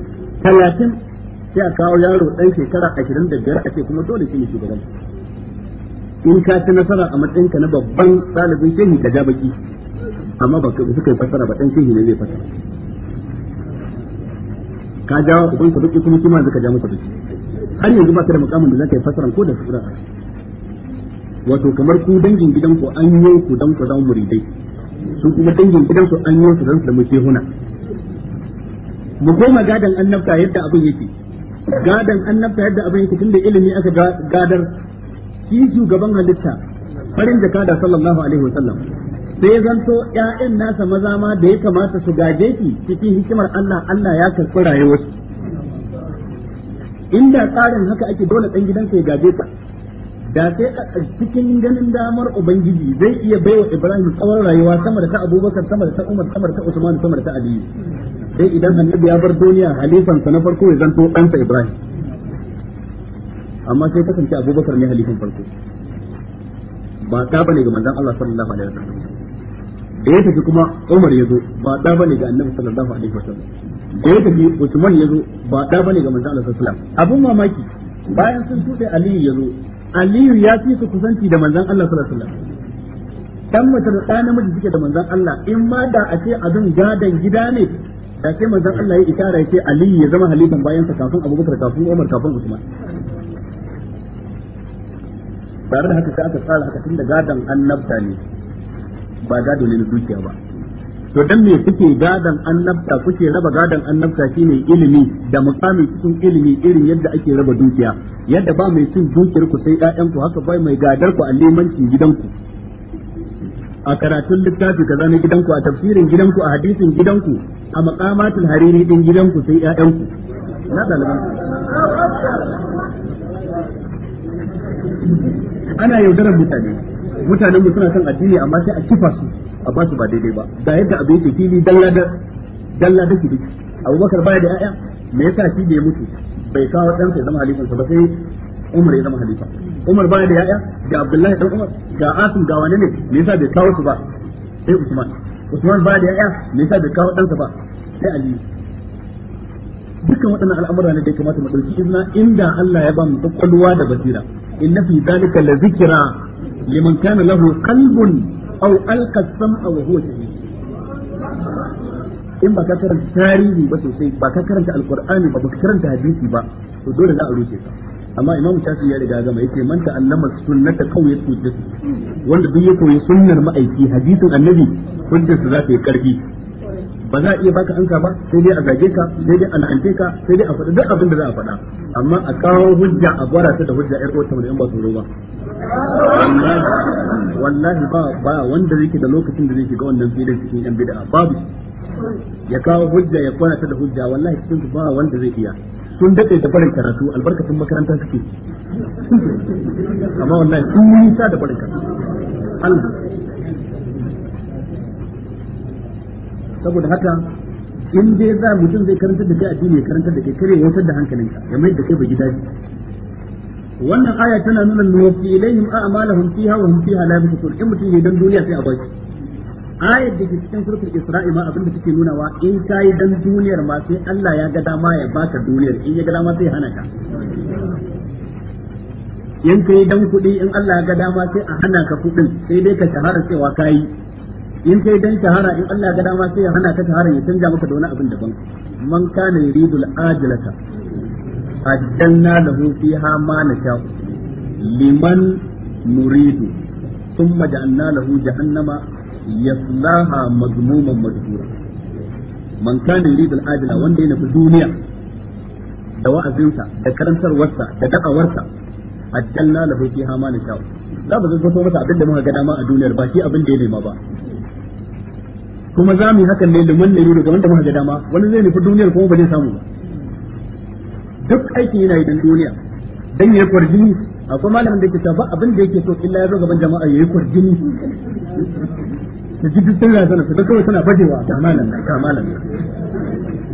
Speaker 1: talatin sai a kawo yaro dan shekara ashirin da biyar a ce kuma dole shi ne shugaban in ka ci nasara a matsayinka na babban ɗalibin shehi ka ja baki amma ba suka yi fassara ba ɗan shehi ne zai fassara ka jawo uban ka duki kuma kima zaka ja masa duki har yanzu ba ka da mukamin da zaka yi fassara ko da sura wato kamar ku dangin gidan ku an yi ku dan ku zama muridai su kuma dangin gidan an yi su dan su da muke huna mu koma gadan annabta yadda abin yake gadan annabta yadda abin yake tunda ilimi aka gadar shi shugaban halitta farin jaka da sallallahu alaihi wasallam sai zanto ƴaƴan nasa maza ma da ya kamata su gaje ki, cikin hikimar Allah Allah ya karɓi rayuwar inda tsarin haka ake dole ɗan gidan ya gaje ka da sai a cikin ganin damar ubangiji zai iya baiwa Ibrahim tsawon rayuwa sama da ta Abubakar sama da ta Umar sama da ta Usman sama da ta Ali sai idan annabi ya bar duniya halifansa na farko ya zanto ɗansa Ibrahim amma sai kasance Abubakar ne halifan farko ba ta bane ga manzon Allah sallallahu alaihi wasallam da ya tafi kuma Umar ya zo ba da bane ga Annabi sallallahu alaihi wasallam da ya tafi Usman ya zo ba da bane ga manzo Allah sallallahu alaihi wasallam abun mamaki bayan sun tude Aliyu ya zo Aliyu ya fi su kusanci da manzon Allah sallallahu alaihi wasallam dan mace da ɗan namiji suke da manzon Allah in ma da a ce abin gadan gida ne da sai manzon Allah ya isara ce Ali ya zama halifan bayan sa kafin Abubakar kafin Umar kafin Usman tare da haka sai aka tsara haka tun da gadan annabta ne ba gado ne na dukiya ba to dan me kuke gadan annabta kuke raba gadan annabta shine ilimi da mukamin cikin ilimi irin yadda ake raba dukiya yadda ba mai cin dukiyar ku sai ƴaƴan ku haka ba mai gadar ku a gidanku a karatun littafi kaza na gidanku a tafsirin gidanku a hadisin gidanku a makamatin hariri din gidanku sai ƴaƴan ku na ana yaudarar mutane mutanen mu suna son addini amma sai a kifa su a ba su ba daidai ba da yadda abu yake fili dalla da dalla da kidi Abubakar baya da ƴaƴa me yasa shi bai mutu bai kawo dan sai zama halifansa ba sai Umar ya zama halifa Umar baya da ƴaƴa ga Abdullahi dan Umar ga Asim ga wani ne me yasa bai kawo su ba sai Usman Usman baya da ƴaƴa me yasa bai kawo ɗansa ba sai Ali dukkan waɗannan al'amura ne da ya kamata mu ɗauki izina inda Allah ya ba mu kwakwalwa da basira inna fi zalika la zikira. liman kana lahu qalbun aw alqa sam'a wa huwa shahid in ba ka karanta tarihi ba sosai ba ka karanta alqur'ani ba ba ka karanta hadisi ba to dole za a rufe ka amma imam shafi ya riga gama yace man ta'allama sunnata kawai hujjatu wanda duk ya koyi sunnar ma'aiki hadisin annabi hujjatu za ta yi karfi ba za a iya baka anka ba sai dai a zage ka sai dai a la'ance ka sai dai a faɗi duk abin da za a faɗa amma a kawo hujja a gwara ta da hujja ƴar ta wani in ba su zo ba wallahi ba ba wanda yake da lokacin da zai shiga wannan filin cikin yan bid'a babu ya kawo hujja ya kwana ta da hujja wallahi cikin ba wanda zai iya sun daɗe da barin karatu albarkacin makaranta suke amma wallahi sun nisa da barin karatu saboda haka in dai za mutum zai karanta da kai addini ya karanta da kai kare wutar da hankalinka ya mai da kai bai daji wannan aya tana nuna nuwafi ilaihim a'malahum fiha wa hum fiha la yabsun in mutum yayin duniya sai a baki ayar da ke cikin surfin isra'i ma abinda take nunawa in ka yi dan duniyar ma sai Allah ya ga dama ya baka duniyar in ya ga dama sai hana ka in yi dan kuɗi in Allah ya ga dama sai a hana ka kuɗin sai dai ka shahara cewa ka yi in kai dan shahara in Allah ga dama sai ya hana ka shahara ya canja maka da wani abin daban man kana yuridul ajilata addanna lahu fiha ma nasha liman nuridu thumma ja'alna lahu jahannama yaslaha madmuman madhura man kana yuridul ajila wanda yana duniya da wa'azinsa da karantarwarsa da da'awarsa addanna lahu fiha ma nasha za mu zai masa abin da muka ga dama a duniyar ba shi abin da ya nema ba kuma za mu yi hakan ne liman ne da gaban da muka ga dama wani zai nufi duniyar kuma ba zai samu ba duk aikin yana yi dan duniya dan kwar jini akwai malamin da yake ta ba abin da yake so illa ya zo gaban jama'a ya kwar jini da sun duk sirra su da kawai suna bajewa ta malam ta malam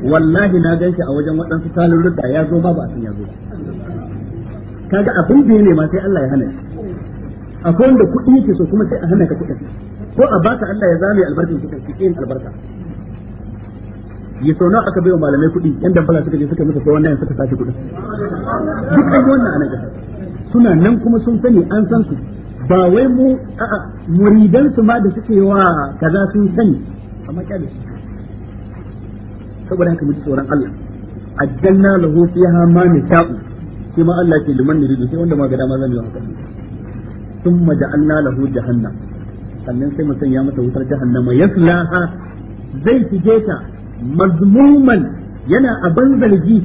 Speaker 1: wallahi na ganshi a wajen waɗansu rudda ya zo babu a san ya zo kaga abin da ya nema sai Allah ya hana akwai wanda kuɗi yake so kuma sai a hana ka kuɗin ko a baka Allah ya zame albarkin ka kike yin albarka ya sau aka biyo malamai kuɗi yan damfara suka je suka musu ko wannan suka sace kuɗin
Speaker 3: duk an wannan a nan
Speaker 1: suna nan kuma sun sani an san su ba wai mu a'a muridan su ma da suke wa kaza sun sani amma kyale su saboda haka mutu tsoron Allah ajjalna lahu fiha ma nisha'u shi ma Allah ke liman nuridu sai wanda ma ga dama zan yi wa haka thumma ja'alna lahu jahannam sannan sai mu sanya masa wutar jahannama yaslaha zai shige ta mazmuman yana aban zargi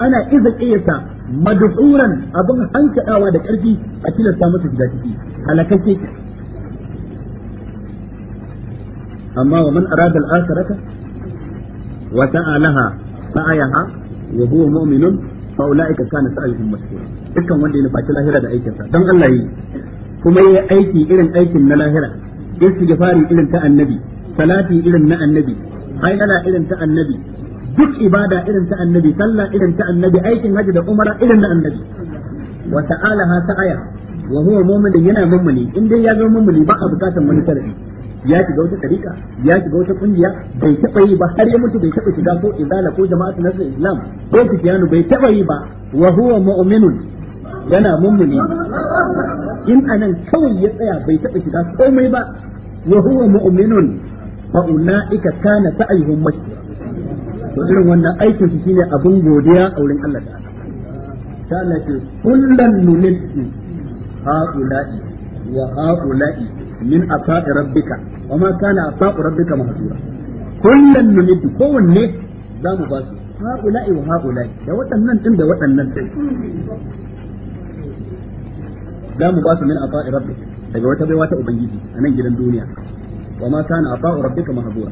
Speaker 1: ana iza kiyasa madhuran abin hankadawa da ƙarfi a tilasta masa shiga ciki halakake amma wa man arada al-akhirata wa ta'alaha sa'ayaha wa huwa mu'minun fa ulaika kana sa'yuhum mashkura dukkan wanda ya nufaci lahira da aikinsa don Allah yi kuma yayi aiki irin aikin na lahira istighfari irin ta annabi salati irin na annabi haidala irin ta annabi duk ibada irin ta annabi sallah irin ta annabi aikin haji da umara irin na annabi wa ta'ala ha ta'aya wa huwa mu'min yana mummuni in dai ya ga mummuni ba a bukatan wani sharadi ya shiga wata tarika ya shiga wata kungiya bai taba yi ba har ya mutu bai taba shiga ko izala ko jama'atu nasr islam ko kiyanu bai taba yi ba wa huwa mu'minun yana mummuni in anan kawai ya tsaya bai taɓa shiga komai ba wa huwa mu'minun fa ulaika kana ta'ayhum mashkura to irin wannan aikin su shine abin godiya a wurin Allah ta'ala ta Allah ce kullan nunissu ha'ula'i wa ha'ula'i min afa'i rabbika wa ma kana afa'u rabbika mahdura kullan nunissu kowanne za mu ba su ha'ula'i wa ha'ula'i da waɗannan din da waɗannan din za mu ba su min afa'i rabbi daga wata baiwa ta ubangiji a nan gidan duniya wa ma kana afa'u rabbika mahdura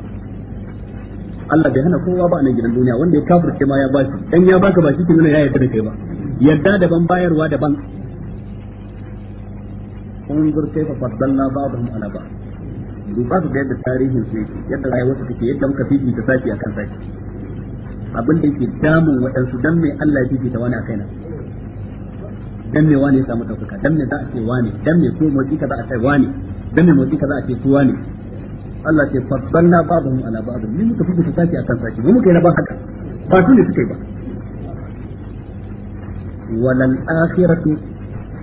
Speaker 1: Allah bai hana kowa ba a nan gidan duniya wanda ya kafirce ma ya ba shi dan ya baka ba shi kin ya yarda da kai ba yadda ban bayarwa daban unzur kaifa faddalna ba'dhum ala ba'd duba su da yadda tarihin su yadda rayuwar su take yadda muka fifi ta saki akan saki abin da yake damun waɗansu dan mai Allah ya fifi ta wani a na. dan me wane ya samu daukaka dan me za a ce wane dan me ko motsi ka za a ce wane dan me motsi ka za a ce su wane Allah ce faddalna ba'dhum ala ba'd min muka fi su saki akan saki mu muka yi na ba haka ba su ne suka yi ba walal akhiratu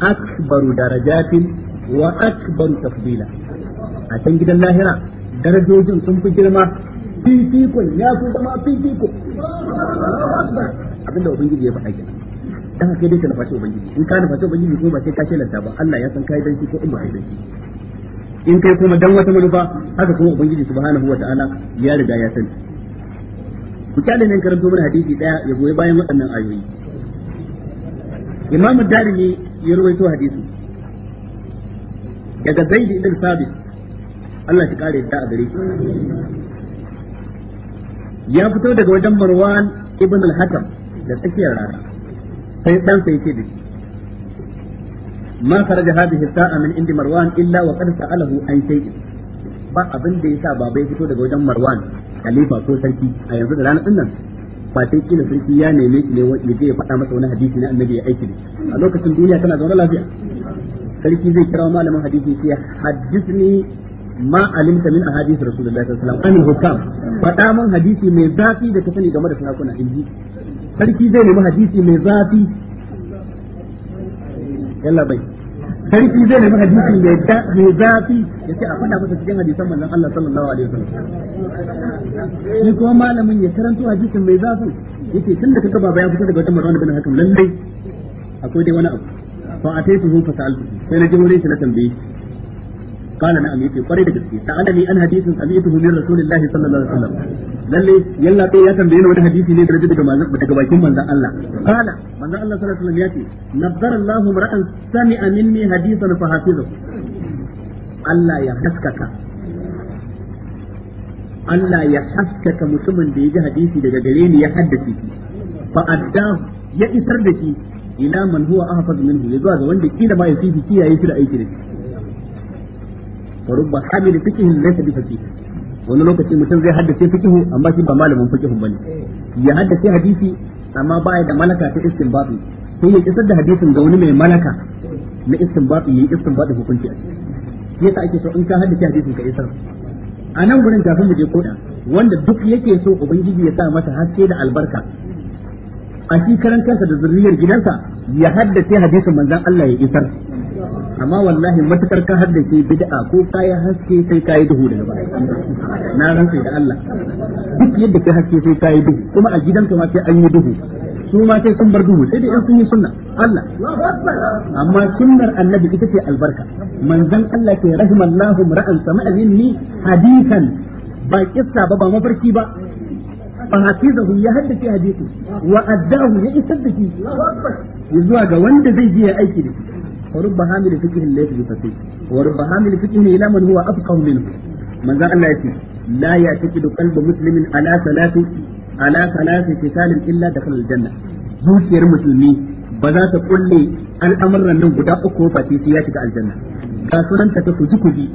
Speaker 1: akbaru darajatin wa akbaru tafdila a can gidan lahira darajojin sun fi girma fifikon ya fi zama fifiko abinda ubangiji ya faɗa kenan dan kai dai ka nufashi ubangiji in ka nufashi ubangiji ko ba sai ka shelanta ba Allah ya san kai dan shi ko in ba kai dan shi in kai kuma dan wata manufa haka kuma ubangiji subhanahu wa ta'ala ya riga ya san ku kyale nan karanto mana hadisi daya ya goyi bayan waɗannan ayoyi imamu darimi ya rawaito hadisi daga zaidi ibn sabit Allah ya kare da a gare shi ya fito daga wajen marwan ibn al-hakam da tsakiyar rana sai dan sai yake da shi ma kharaja hadhihi sa'a min indi marwan illa wa qad sa'alahu an shay'in ba abin da yasa baba bai fito daga wajen marwan khalifa ko sarki a yanzu da ranar dinnan ba sai kila sarki ya neme shi ne ya je ya faɗa masa wani hadisi na annabi ya aiki da a lokacin duniya tana zaune lafiya sarki zai kira malamin hadisi ya haddisni ma alimta min ahadith rasulullahi sallallahu alaihi wasallam an hukam faɗa min hadisi mai zafi da ka sani game da sarakuna inji sarki zai nemi hadisi mai zafi yalla bai sarki zai nemi hadisi mai mai zafi ya ce a faɗa masa cikin hadisan manzon Allah sallallahu alaihi wasallam shi kuma malamin ya karanto hadisin mai zafi yake tun da kaga baba ya fita daga wata marwana bin hakan lallai akwai dai wani
Speaker 3: abu
Speaker 1: fa ataitu fa sa'altu sai na je wurin shi na tambaye قال نعم يتي قريب تسكي سألني أن حديث سمعته من رسول الله صلى الله عليه وسلم lalle yalla bai ya tambaye ni wani hadisi ne daga daga manzon daga bakin manzon Allah kana manzon Allah sallallahu alaihi wasallam ya ce nazzara Allahu ra'an sami'a minni hadisan fa hafizahu Allah ya haskaka Allah ya haskaka mutumin da ya ji hadisi daga gare ni ya haddace shi fa addahu ya isar da shi ila man huwa ahfaz minhu ya zuwa ga wanda kila ma ya fi kiyaye shi da aiki da shi fa rubba hamil fikihin laysa bi fakih wani lokaci mutum zai haddace fikihu amma shi ba malamin fikihu bane ya haddace hadisi amma ba ya da malaka ta istinbati sai ya kisar da hadisin ga wani mai malaka na istinbati yayi istinbati hukunci a ciki yasa ake so in ka haddace hadisin ka isar a nan gurin kafin mu je koda wanda duk yake so ubangiji ya sa masa haske da albarka a shi karan kansa da zurriyar gidansa ya haddace hadisin manzon Allah ya isar amma wallahi matukar ka ke bid'a ko kaya haske sai kayi duhu daga baya na rantsa da Allah duk yadda kai haske sai kayi duhu kuma a ka ma sai an yi duhu su ma sai sun bar duhu sai dai sun yi sunna Allah amma sunnar annabi ita ce albarka manzon Allah ke rahimallahu ra'an sama'a minni hadisan ba kissa ba ba mafarki ba فحفظه يهدك da وأداه يئسدك يزوى ga wanda zai je ya aiki da ورب حامل فقه ليس بفقيه ورب حامل فقه إلى من هو أفقه منه من ذا الله لا يعتقد قلب مسلم على ثلاث على ثلاث قتال إلا دخل الجنة kulle al'amuran ya shiga aljanna ga sunan ta kuji kuji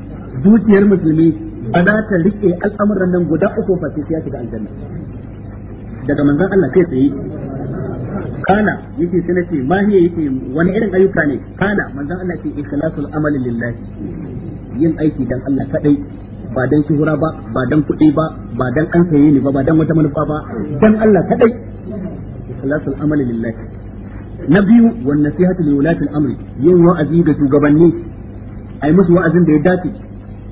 Speaker 1: zuciyar musulmi ta rike al'amuran nan ya Allah kai tsaye kana yake sai nace ma hiya yake wani irin ayyuka ne kana manzon Allah ce ikhlasul amali lillahi yin aiki dan Allah kadai ba dan shuhura ba ba dan kuɗi ba ba dan an saye ni ba ba dan wata manufa ba dan Allah kadai ikhlasul amali lillahi na biyu wan nasihatu li ulati al-amri yin wa'azi ga shugabanni ai musu wa'azin da ya dace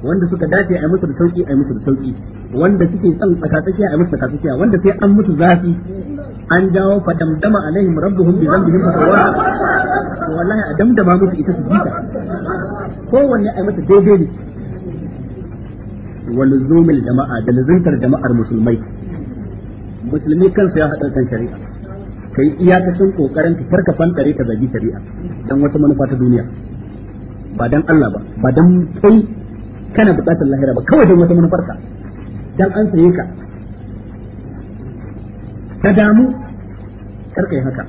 Speaker 1: wanda suka dace ai musu da sauki ai musu da sauki wanda suke son tsakatsakiya ai musu tsakatsakiya wanda sai an musu zafi an jawo fa damdama alaihim rabbuhum bi dhanbihim fatawa to wallahi a damdama musu ita su jita kowanne ai mata daidai ne wal luzumil jama'a da luzuntar jama'ar musulmai musulmi kansa ya hadar kan shari'a kai iyakacin kokarin ka farka fantare ka zagi shari'a dan wata manufa ta duniya ba dan Allah ba ba dan kai kana bukatar lahira ba kawai dan wata manufarka dan an saye ka ta damu karka yi haka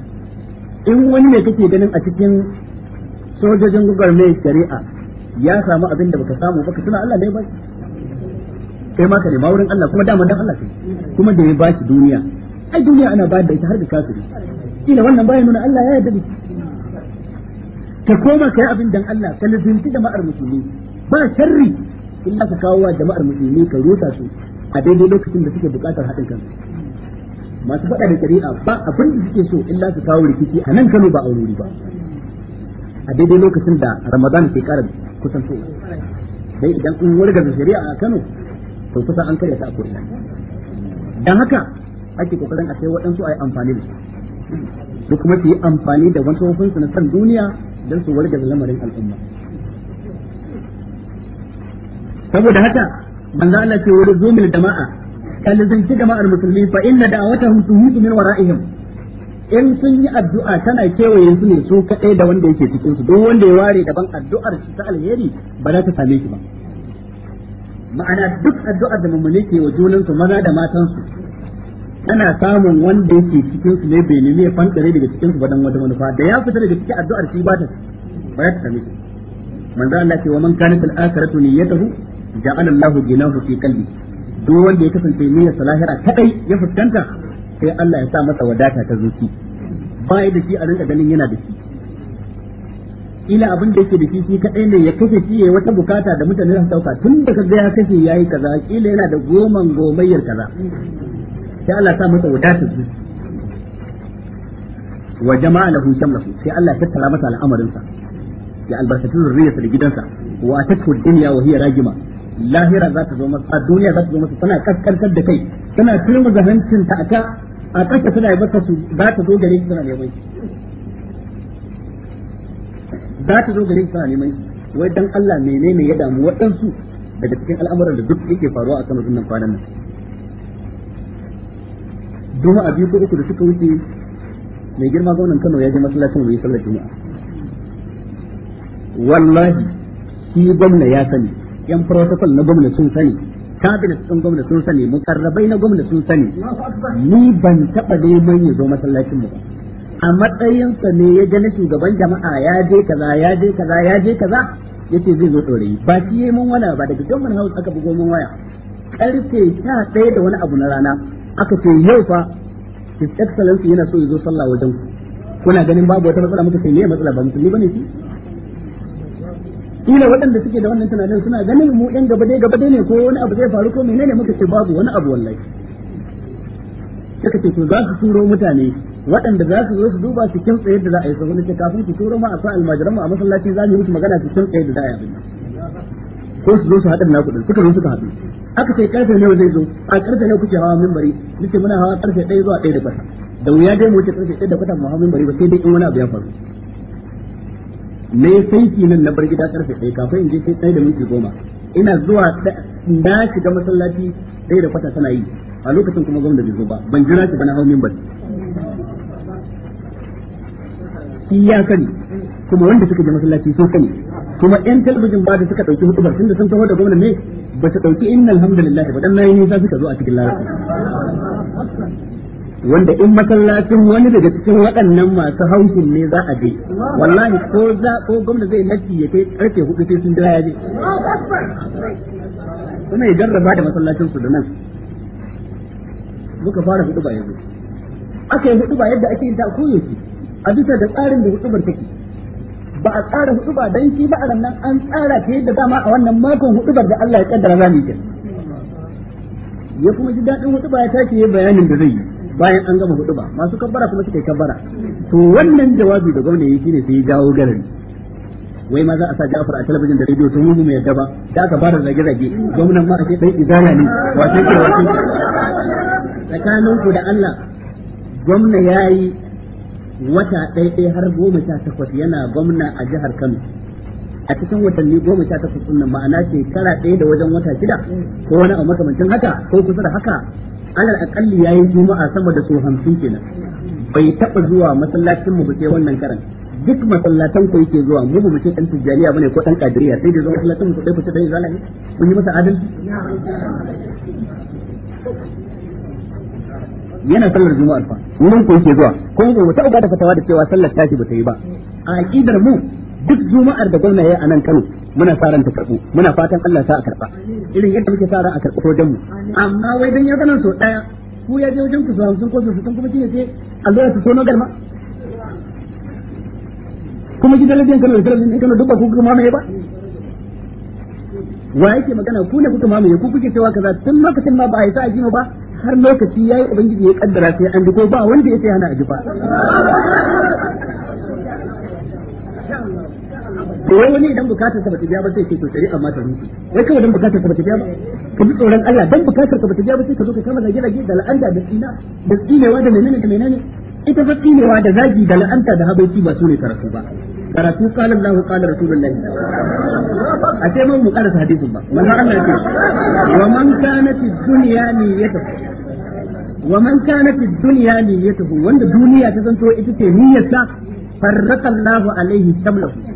Speaker 1: in wani mai kake ganin a cikin sojojin mai shari'a ya samu abin da baka samu baka tuna Allah ne ba kai ma ka nema wurin Allah kuma dama dan Allah kai kuma da ya baki duniya ai duniya ana bayar da ita har da kafiri kila wannan bayan nuna Allah ya yarda da ka koma kai abin dan Allah ka lizinci jama'ar musulmi ba sharri illa ka kawo wa jama'ar musulmi ka rusa su a daidai lokacin da suke bukatar haɗin kansu masu faɗa da shari'a ba abin da suke so illa su kawo rikici a nan Kano ba a wuri ba a daidai lokacin da Ramadan ke ƙara kusanto dai idan an wargaza shari'a a Kano to kusa an karya ta a ko'ina dan haka ake kokarin a kai waɗansu a yi amfani da su duk kuma su yi amfani da wancan hukunsu na san duniya don su wargaza lamarin al'umma saboda haka manzo Allah ce wani zumil jama'a kalizanci jama'ar musulmi fa inna da'awatahum tuhidu min wara'ihim in sun yi addu'a tana kewaye su ne su kaɗai da wanda yake cikin su duk wanda ya ware daban addu'ar shi ta alheri ba za ta same shi ba ma'ana duk addu'ar da mummune ke wa junan su maza da matan su ana samun wanda yake cikin su ne bai nemi ya fantare daga cikin su ba dan wata manufa da ya fita daga cikin addu'ar shi ba ta ba ta same shi manzo Allah ce wa man kana fil akhiratu niyyatuhu ja'ala Allahu jinahu fi qalbi duk wanda ya kasance niyyar salahira kadai ya fuskanta sai Allah ya sa masa wadata ta zuci ba da shi a rinka ganin yana da shi ila abin da yake da shi shi kadai ne ya kashe shi yayi wata bukata da mutane su dauka tun da kaga ya kashe yayi kaza kila yana da goman gomayyar kaza sai Allah ya sa masa wadata ta zuci wa jama'a lahu shamlahu sai Allah ya tattara masa al'amarin sa ya albarkatu zurriyarsa da gidansa wa atakhu dunya wa hiya rajima lahira za ta zo masa a duniya za ta zo masa tana kaskantar da kai tana turma zahancin ta aka a kasa suna yi masa su za ta zo gare shi suna neman shi za ta zo gare shi suna neman shi wai dan Allah menene ya damu waɗansu daga cikin al'amuran da duk yake faruwa a sanar nan kwanan nan duma a biyu ko uku da suka wuce mai girma gwamnan Kano ya je masallacin mai sallar juma'a wallahi shi gwamna ya sani yan protocol na gwamna sun sani cabinet sun gwamna sun sani mukarrabai na gwamna sun sani ni ban taba neman ya zo masallacin mu a matsayinsa ne ya gani na shugaban jama'a ya je kaza ya je kaza ya je kaza yace zai zo ɗorayi ba shi yayi mun waya ba daga gwamnati house aka bugo mun waya karfe sha ɗaya da wani abu na rana aka ce yau fa his excellency yana so ya zo sallah wajen kuna ganin babu wata matsala muka sai me matsala ba musulmi bane shi kila waɗanda suke da wannan tunanin suna ganin mu ɗan gaba dai gaba dai ne ko wani abu zai faru ko menene muka ce babu wani abu wallahi suka ce za su turo mutane waɗanda za su zo su duba su kin tsaye da za a yi sabon ce kafin su turo ma a sa almajiran mu a masallaci za mu yi musu magana su kin tsaye da za a yi ko su zo su haɗa na kuɗin suka zo suka haɗu aka ce karfe nawa zai zo a karfe ne kuke hawa minbari nake muna hawa karfe ɗaya zuwa ɗaya da kwata da wuya dai mu wuce karfe ɗaya da kwata mu hawa minbari ba sai dai in wani abu ya faru me ki nan na bar gida karfe ɗaya kafin in je sai ɗaya da minti goma ina zuwa na shiga masallaci ɗaya da kwata tana yi a lokacin kuma gwamnati bai zo ba ban jira shi ba na hau mimbar
Speaker 3: shi ya sani
Speaker 1: kuma wanda suka je masallaci sun sani kuma yan talabijin ba da suka ɗauki hudubar tunda sun taho da gwamnati ne ba su ɗauki inna alhamdulillah ba dan nayi nisa suka zo a cikin larabci wanda in masallacin wani daga cikin waɗannan masu haushin ne za a je wallahi ko za ko gwamna zai nafi ya kai karfe hudu sai sun ya je kuma ya jarraba da masallacin su da nan muka fara hudu ba yanzu aka yi hudu ba yadda ake yin ta koyaushe a bisa da tsarin da hudubar take ba a tsara huduba dan shi ba a nan an tsara ta yadda dama a wannan makon hudubar da Allah ya kaddara mu yi ya kuma ji daɗin huduba ya tashi yayin bayanin da zai yi bayan an gama hudu ba masu kabbara kuma suke kabbara to wannan jawabi da gwamna yi shine sai jawo garin wai ma za a sa Ja'far a talabijin da rediyo tun mu mai yadda ba da aka fara zage-zage gwamnan ma a ce dai izaya ne wace ke
Speaker 2: wace tsakanin ku da Allah
Speaker 1: gwamna yayi wata ɗaya har goma sha takwas yana gwamna a jihar Kano a cikin watanni goma sha takwas ɗin ma'ana shekara ɗaya da wajen wata shida ko wani a makamancin haka ko kusa da haka alal akalli yayi juma'a sama da so 50 kenan bai taba zuwa masallacin mu ba sai wannan karan duk masallatan ku yake zuwa mu ba ce dan tijjaniya bane ko dan kadiriya sai da zuwa masallacin mu sai fita dai zala ne kun yi masa adal. yana sallar juma'a fa Mun ku yake zuwa ko mu ta da fatawa da cewa sallar tashi ba ta yi ba a aqidar mu duk juma'ar da gwamna ya yi a nan Kano muna sa ta karbu muna fatan Allah sa a karɓa irin yadda muke sa ran a karba wajen mu amma wai dan ya ganin so ɗaya ku ya je wajen ku su sun ko su sun kuma kine ce Allah ya su tono garma kuma gidan lafiyan Kano da talabijin Kano duk ba ku kuma mai ba wa yake magana ku ne kuka mamaye ku kuke cewa kaza tun lokacin ma ba a yi sa'a a ba har lokaci ya yi ubangiji ya kaddara sai an ji ko ba wanda ya sai hana a ji ba wai wani idan bukatar sa bata biya ba sai ce to shari'a amma ta rushe wai kawai dan bukatar sa bata biya ba ka ji tsoron Allah dan bukatar sa bata biya ba sai ka zo ka kama zage zage da la'anta da tsina da tsinewa da menene da menene ita fa tsinewa da zagi da la'anta da habaici ba su ne karatu ba karatu qala Allahu qala rasulullahi a ce mun mu karasa hadisin ba manzo Allah ya ce wa man kanat ad-dunya
Speaker 3: niyyatuhu
Speaker 1: wa man kanat ad-dunya niyyatuhu wanda duniya ta zanto ita ce niyyarsa farraqa Allahu alaihi shamlahu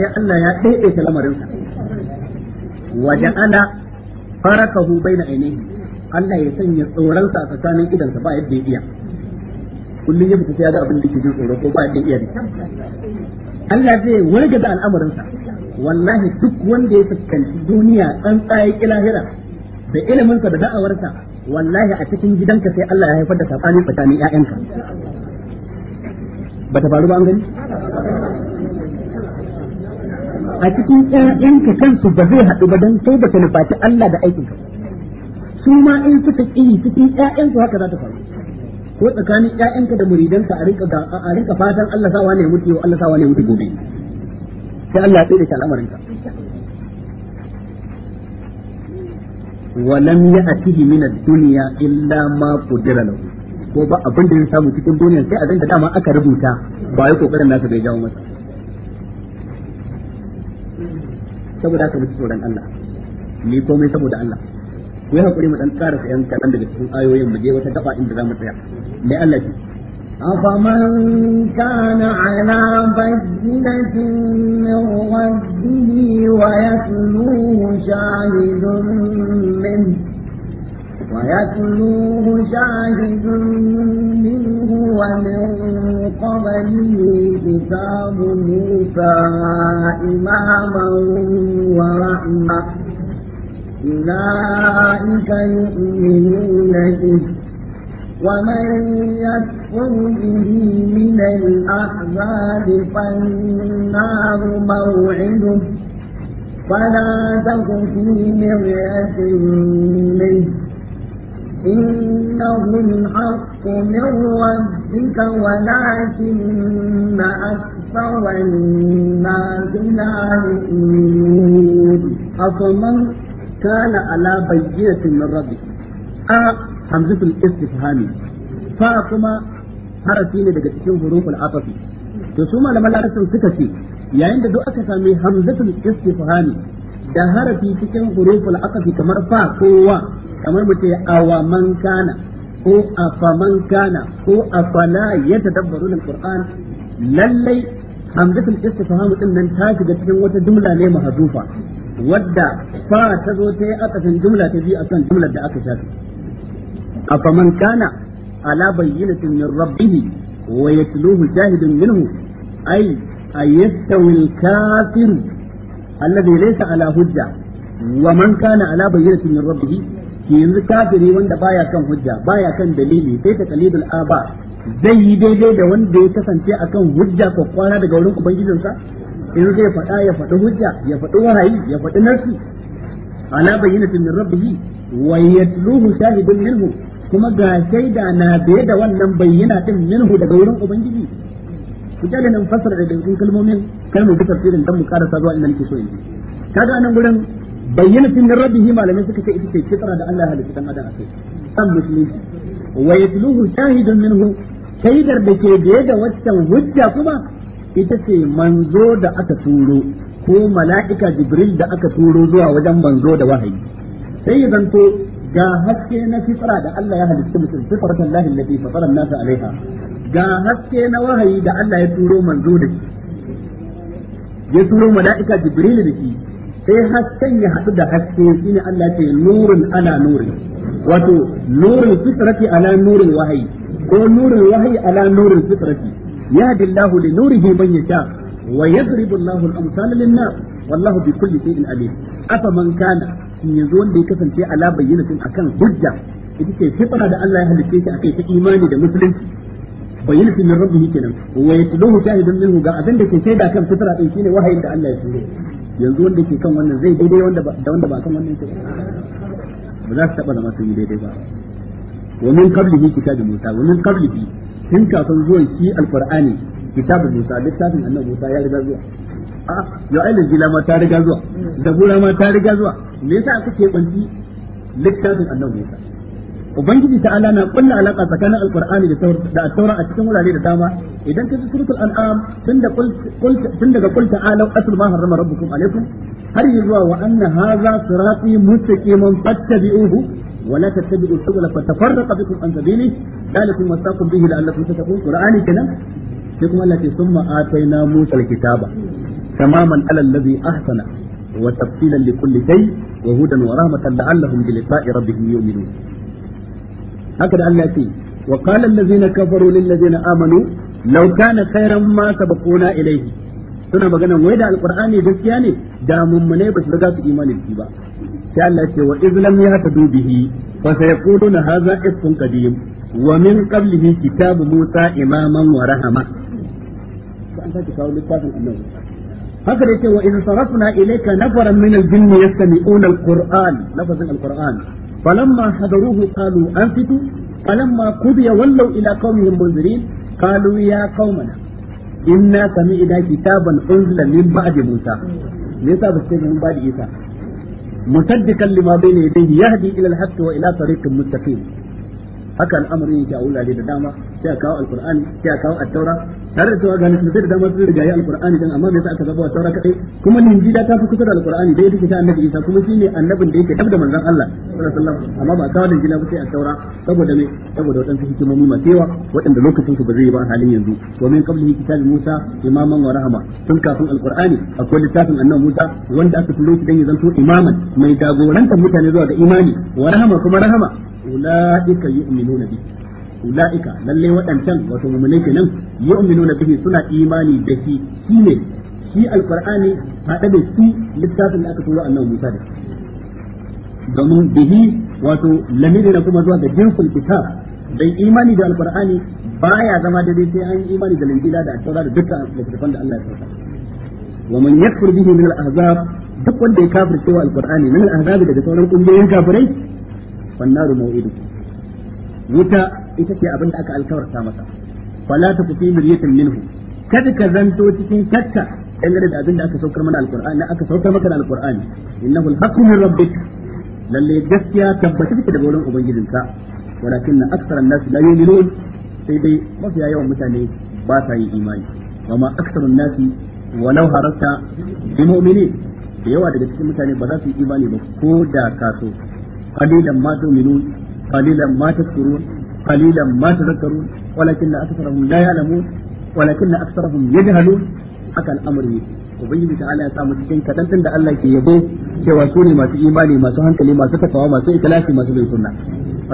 Speaker 1: sai Allah ya ta lamarinsa fara ja'ala bai na ainihi Allah ya sanya tsoronsa a tsakanin idansa ba yadda ya iya kullum ya fita ya ga abin da ke jin tsoro ko ba yadda ya iya Allah zai warga da al'amarinsa wallahi duk wanda ya fuskanci duniya ɗan tsaye lahira da iliminsa da da'awarsa wallahi a cikin gidanka sai Allah ya haifar da sabani tsakanin ƴaƴanka bata faru ba an gani a cikin ƴaƴanka kansu ba zai haɗu ba don dan kai baka nufaci Allah da aikin ka su ma in suka ƙi cikin ƴaƴansu haka za ta faru ko tsakanin ƴaƴanka da muridanka a rinka a rinka fatan Allah sawa ne mutu Allah sawa ne mutu gobe sai Allah ya tsare shi al'amarin ka ولم يأته من الدنيا إلا ما قدر له ko ba abin da ya samu cikin duniya sai abin da dama aka rubuta ba ya kokarin nasa bai jawo masa saboda haka muke tsoron Allah ni komai saboda Allah ku yi hakuri
Speaker 2: mu dan karasa yan kaɗan daga cikin ayoyin mu je wata gaba inda za mu tsaya mai Allah ce أفمن كان على بينة من ربه ويتلوه شاهد منه ويتلوه شاهد منه ومن قبله كتاب موسى إماما ورحمة أولئك يؤمنون به ومن يكفر به من الأحزاب فالنار موعده فلا تك في مرية منه إنه الحق من ربك ولكن أكثر الناس لا يؤمنون أفمن كان على بينة من ربه أ حمزة الاستفهام فكما harafi
Speaker 1: ne daga cikin huruful atafi to su malaman larabcin suka ce yayin da duk aka sami hamzatul istifhami da harafi cikin huruful atafi kamar fa kowa. kamar mu ce man kana ko afa man kana ko afa afala yatadabbaruna qur'an lallai hamzatul istifham din nan ta shiga cikin wata jumla ne mahdufa wadda fa ta zo ta yi akasin jumla ta biyu akan jumlar da aka shafi afa man kana ala bayyinatin min rabbih wa yatluhu shahidun minhu ay ayastawi al-kafir alladhi laysa ala hujja wa man kana ala bayyinatin min rabbih yanzu kafiri wanda baya kan hujja baya kan dalili sai ta kalidul aba zai yi daidai da wanda ya kasance akan hujja ko kwana daga wurin ubangijinsa in zai faɗa ya faɗi hujja ya faɗi wahayi ya faɗi nafsi ala bayyinatin min rabbih wa yatluhu shahidun minhu kuma ga shaida na da da wannan bayyana din minhu daga wurin ubangiji ku kyale nan fasara da dukkan kalmomin kalmomin da tafsirin dan mu karasa zuwa inda nake so in kaga nan gurin bayyana tun min rabbihi malamai suka ce ita ce fitra da Allah ya halitta dan adam akai san musulunci wa yatluhu shahidun minhu shaidar da ke biye da waccan hujja kuma ita ce manzo da aka turo ko mala'ika jibril da aka turo zuwa wajen manzo da wahayi sai ya zanto ga haske na fitra da Allah ya halitta mutum fitratan lahi allati fatara an-nasa Alayha. ga haske na wahayi da Allah ya turo manzo da shi ya turo mala'ika jibril da shi sai hasken ya haɗu da haske shine Allah ce nurun ala nuri wato nurin fitrati ala nurin wahayi ko nurin wahayi ala nurin fitrati yahdi Allahu li nurihi man yasha wa yadribu Allahu al-amsala lin-nas wallahu bi kulli shay'in alim afa man kana in yanzu wanda ya kasance ala bayyinatin akan hujja ita ce fitra da Allah ya halitta shi akai ta imani da musulunci bayyinatin min rabbihi kenan wa yatluhu shahidun minhu ga abin da ke shaida kan fitra din shine wahayin da Allah ya turo yanzu wanda ke kan wannan zai daidai wanda da wanda ba kan wannan ke ba za su taba zama sun yi daidai ba wa min qablihi kitabu Musa wa min qablihi tun kafin zuwan shi alqur'ani kitabu Musa littafin annabi Musa ya riga zuwa a ya ayyul jila ma ta riga zuwa zabura ma ta riga zuwa me yasa aka kwanci littafin annabi Musa ubangiji ta ala na kulla alaka tsakanin alqur'ani da da taura a cikin wurare da dama idan ka ji suratul an'am tun da kul tun daga kul ta'ala asl ma harrama rabbukum alaikum har zuwa wa anna hadha sirati mustaqiman fattabi'uhu wa la tattabi'u subula fatafarraqa bikum an sabili dalikum wasaqum bihi la'allakum tattaqun qur'ani kenan sai kuma Allah ya summa ataina musa alkitaba tamaman alal ladhi ahsana Haka da Allah هكذا الله يقول وقال الذين كفروا للذين آمنوا لو كان خيرا ما سبقونا إليه suna magana wai da alqur'ani gaskiya ne da mummune ba su riga su imanin shi ba sai Allah ce wa izlam ya tadu bihi fa sayaquluna hadha ifkun qadim wa min qablihi kitabu Musa imaman wa rahama an sake kawo littafin annabi haka da ce wa in sarafna ilayka nafaran min al-jinni yastami'una al-qur'an lafazin al-qur'an فلما حضروه قالوا أنفتوا فلما قضي ولوا إلى قومهم منذرين قالوا يا قومنا إنا سمعنا كتابا أنزل من بعد موسى ليس بس من بعد عيسى مصدقا لما بين يديه يهدي إلى الحق وإلى طريق مستقيم haka al'amarin yake a wurare da dama sai a kawo alkur'ani sai a kawo attaura tare da cewa ga nasu da dama sun a alqur'ani dan amma me yasa aka zaba saura kadai kuma linjila ta fi kusa da alqur'ani dai take ta annabi Isa kuma shine annabin da yake dab da manzon Allah sallallahu alaihi wasallam amma ba kawo linjila ba sai a saura saboda me saboda wadansu hikimomi masu cewa waɗanda lokacin su ba zai yi ba halin yanzu wa min qablihi Musa imaman wa rahama tun kafin alkur'ani akwai littafin annabi Musa wanda aka turo shi dan ya zanto imaman mai jagorantar mutane zuwa ga imani wa rahama kuma rahama ulaika yu'minuna bihi ulaika lalle waɗancan wato mu'minai kenan yu'minuna bihi suna imani da shi shine shi alqur'ani hada da shi littafin da aka tura annabi Musa da domin bihi wato lamiri na kuma zuwa da jinsul kitab dan imani da alqur'ani baya zama da daidai sai an imani da linjila da taura da dukkan littafan da Allah ya sauka wa man yakfur bihi min al-ahzab duk wanda ya kafirce wa alqur'ani min al-ahzab daga sauran kungiyoyin kafirai fannaru mau'idu wuta ita ce abin da aka alkawarta masa fala ta fi miryatin minhu kada ka zanto cikin shakka dangane da abin da aka saukar mana alqur'ani aka saukar maka da alqur'ani innahu alhaqqu min rabbik lalle gaskiya tabbata take daga wurin ubangijinka walakinna aktharan nas la yu'minun sai dai mafiya yawan mutane ba sa yin imani wama aktharun nasu walau harata bi mu'minin da yawa daga cikin mutane ba za su yi imani ba ko da kaso qalilan ma tu'minun qalilan ma tashkurun qalilan ma tadhakkarun walakinna aktharahum la ya'lamun walakinna aktharahum yajhalun haka al'amari ubangiji ta ala ya samu cikin kadan da Allah ke yabo cewa su ne masu imani masu hankali masu takawa masu ikhlasi masu bin sunna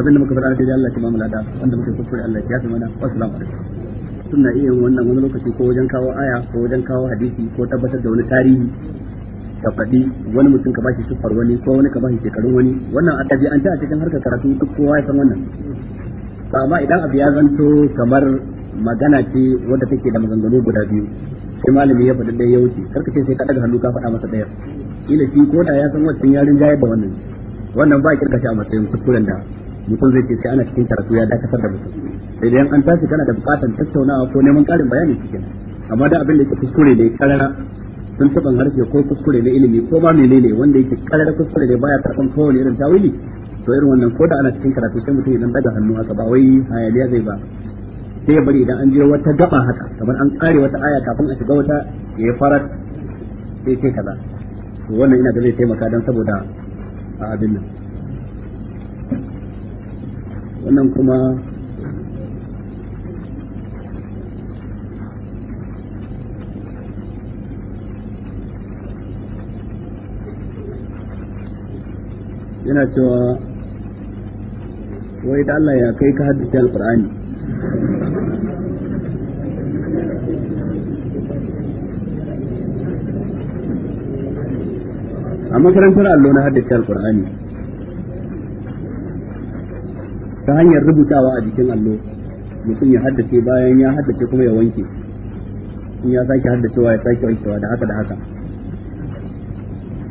Speaker 1: abin da muka faɗa da Allah ke mamu lada wanda muka kuskure Allah ya fi mana assalamu alaikum suna iya wannan wani lokaci ko wajen kawo aya ko wajen kawo hadisi ko tabbatar da wani tarihi ka faɗi wani mutum ka bashi siffar wani ko wani ka bashi shekarun wani wannan a ɗabi'anta a cikin harkar karatu duk kowa ya san wannan ba amma idan abu ya zanto kamar magana ce wadda take da maganganu guda biyu sai malami ya faɗi ɗaya ya wuce karka ce sai ka ɗaga hannu ka faɗa masa ɗaya ila shi ko da ya san wancan yarin jayar da wannan wannan ba kirka shi a matsayin kuskuren da mutum zai ce sai ana cikin karatu ya dakatar da mutum sai da an tashi kana da bukatan tattaunawa ko neman ƙarin bayani cikin amma da abin da ke kuskure ne karara sun taban harshe ko kuskure na ilimi ko ba ma ne wanda yake karar kuskure ne baya karban kowane irin tawili to irin wannan ko da ana cikin karatu sai mutum idan daga hannu haka ba wai hayaniya zai ba sai ya bari idan an jira wata gaba haka kamar an kare wata aya kafin a shiga wata ya fara sai ce kaza to wannan ina da zai taimaka dan saboda a abin nan wannan kuma yana cewa wai da Allah ya kai ka haddace alkur'ani a makarantar allo na haddace alkur'ani ta hanyar rubutawa a jikin allo mutum ya haddace bayan ya haddace kuma ya wanke in ya sake haddacewa ya sake wankewa da haka da haka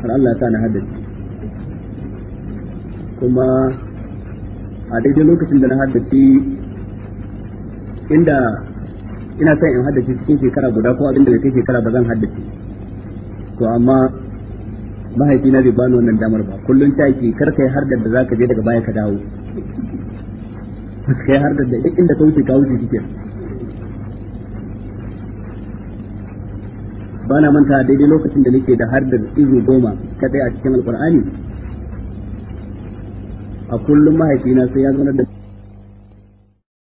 Speaker 1: har Allah ya sa na haddace kuma a daidai lokacin da na haddace inda ina son in haddace cikin shekara guda ko abin da bai kai shekara ba zan haddace to amma mahaifina bai bani wannan damar ba kullum ta yake kar kai har da za ka je daga baya ka dawo kai har da duk inda ka wuce ka wuce kike bana manta daidai lokacin da nake da har da
Speaker 2: izu goma kadai a cikin alkur'ani a kullum mahaifina sai ya zama da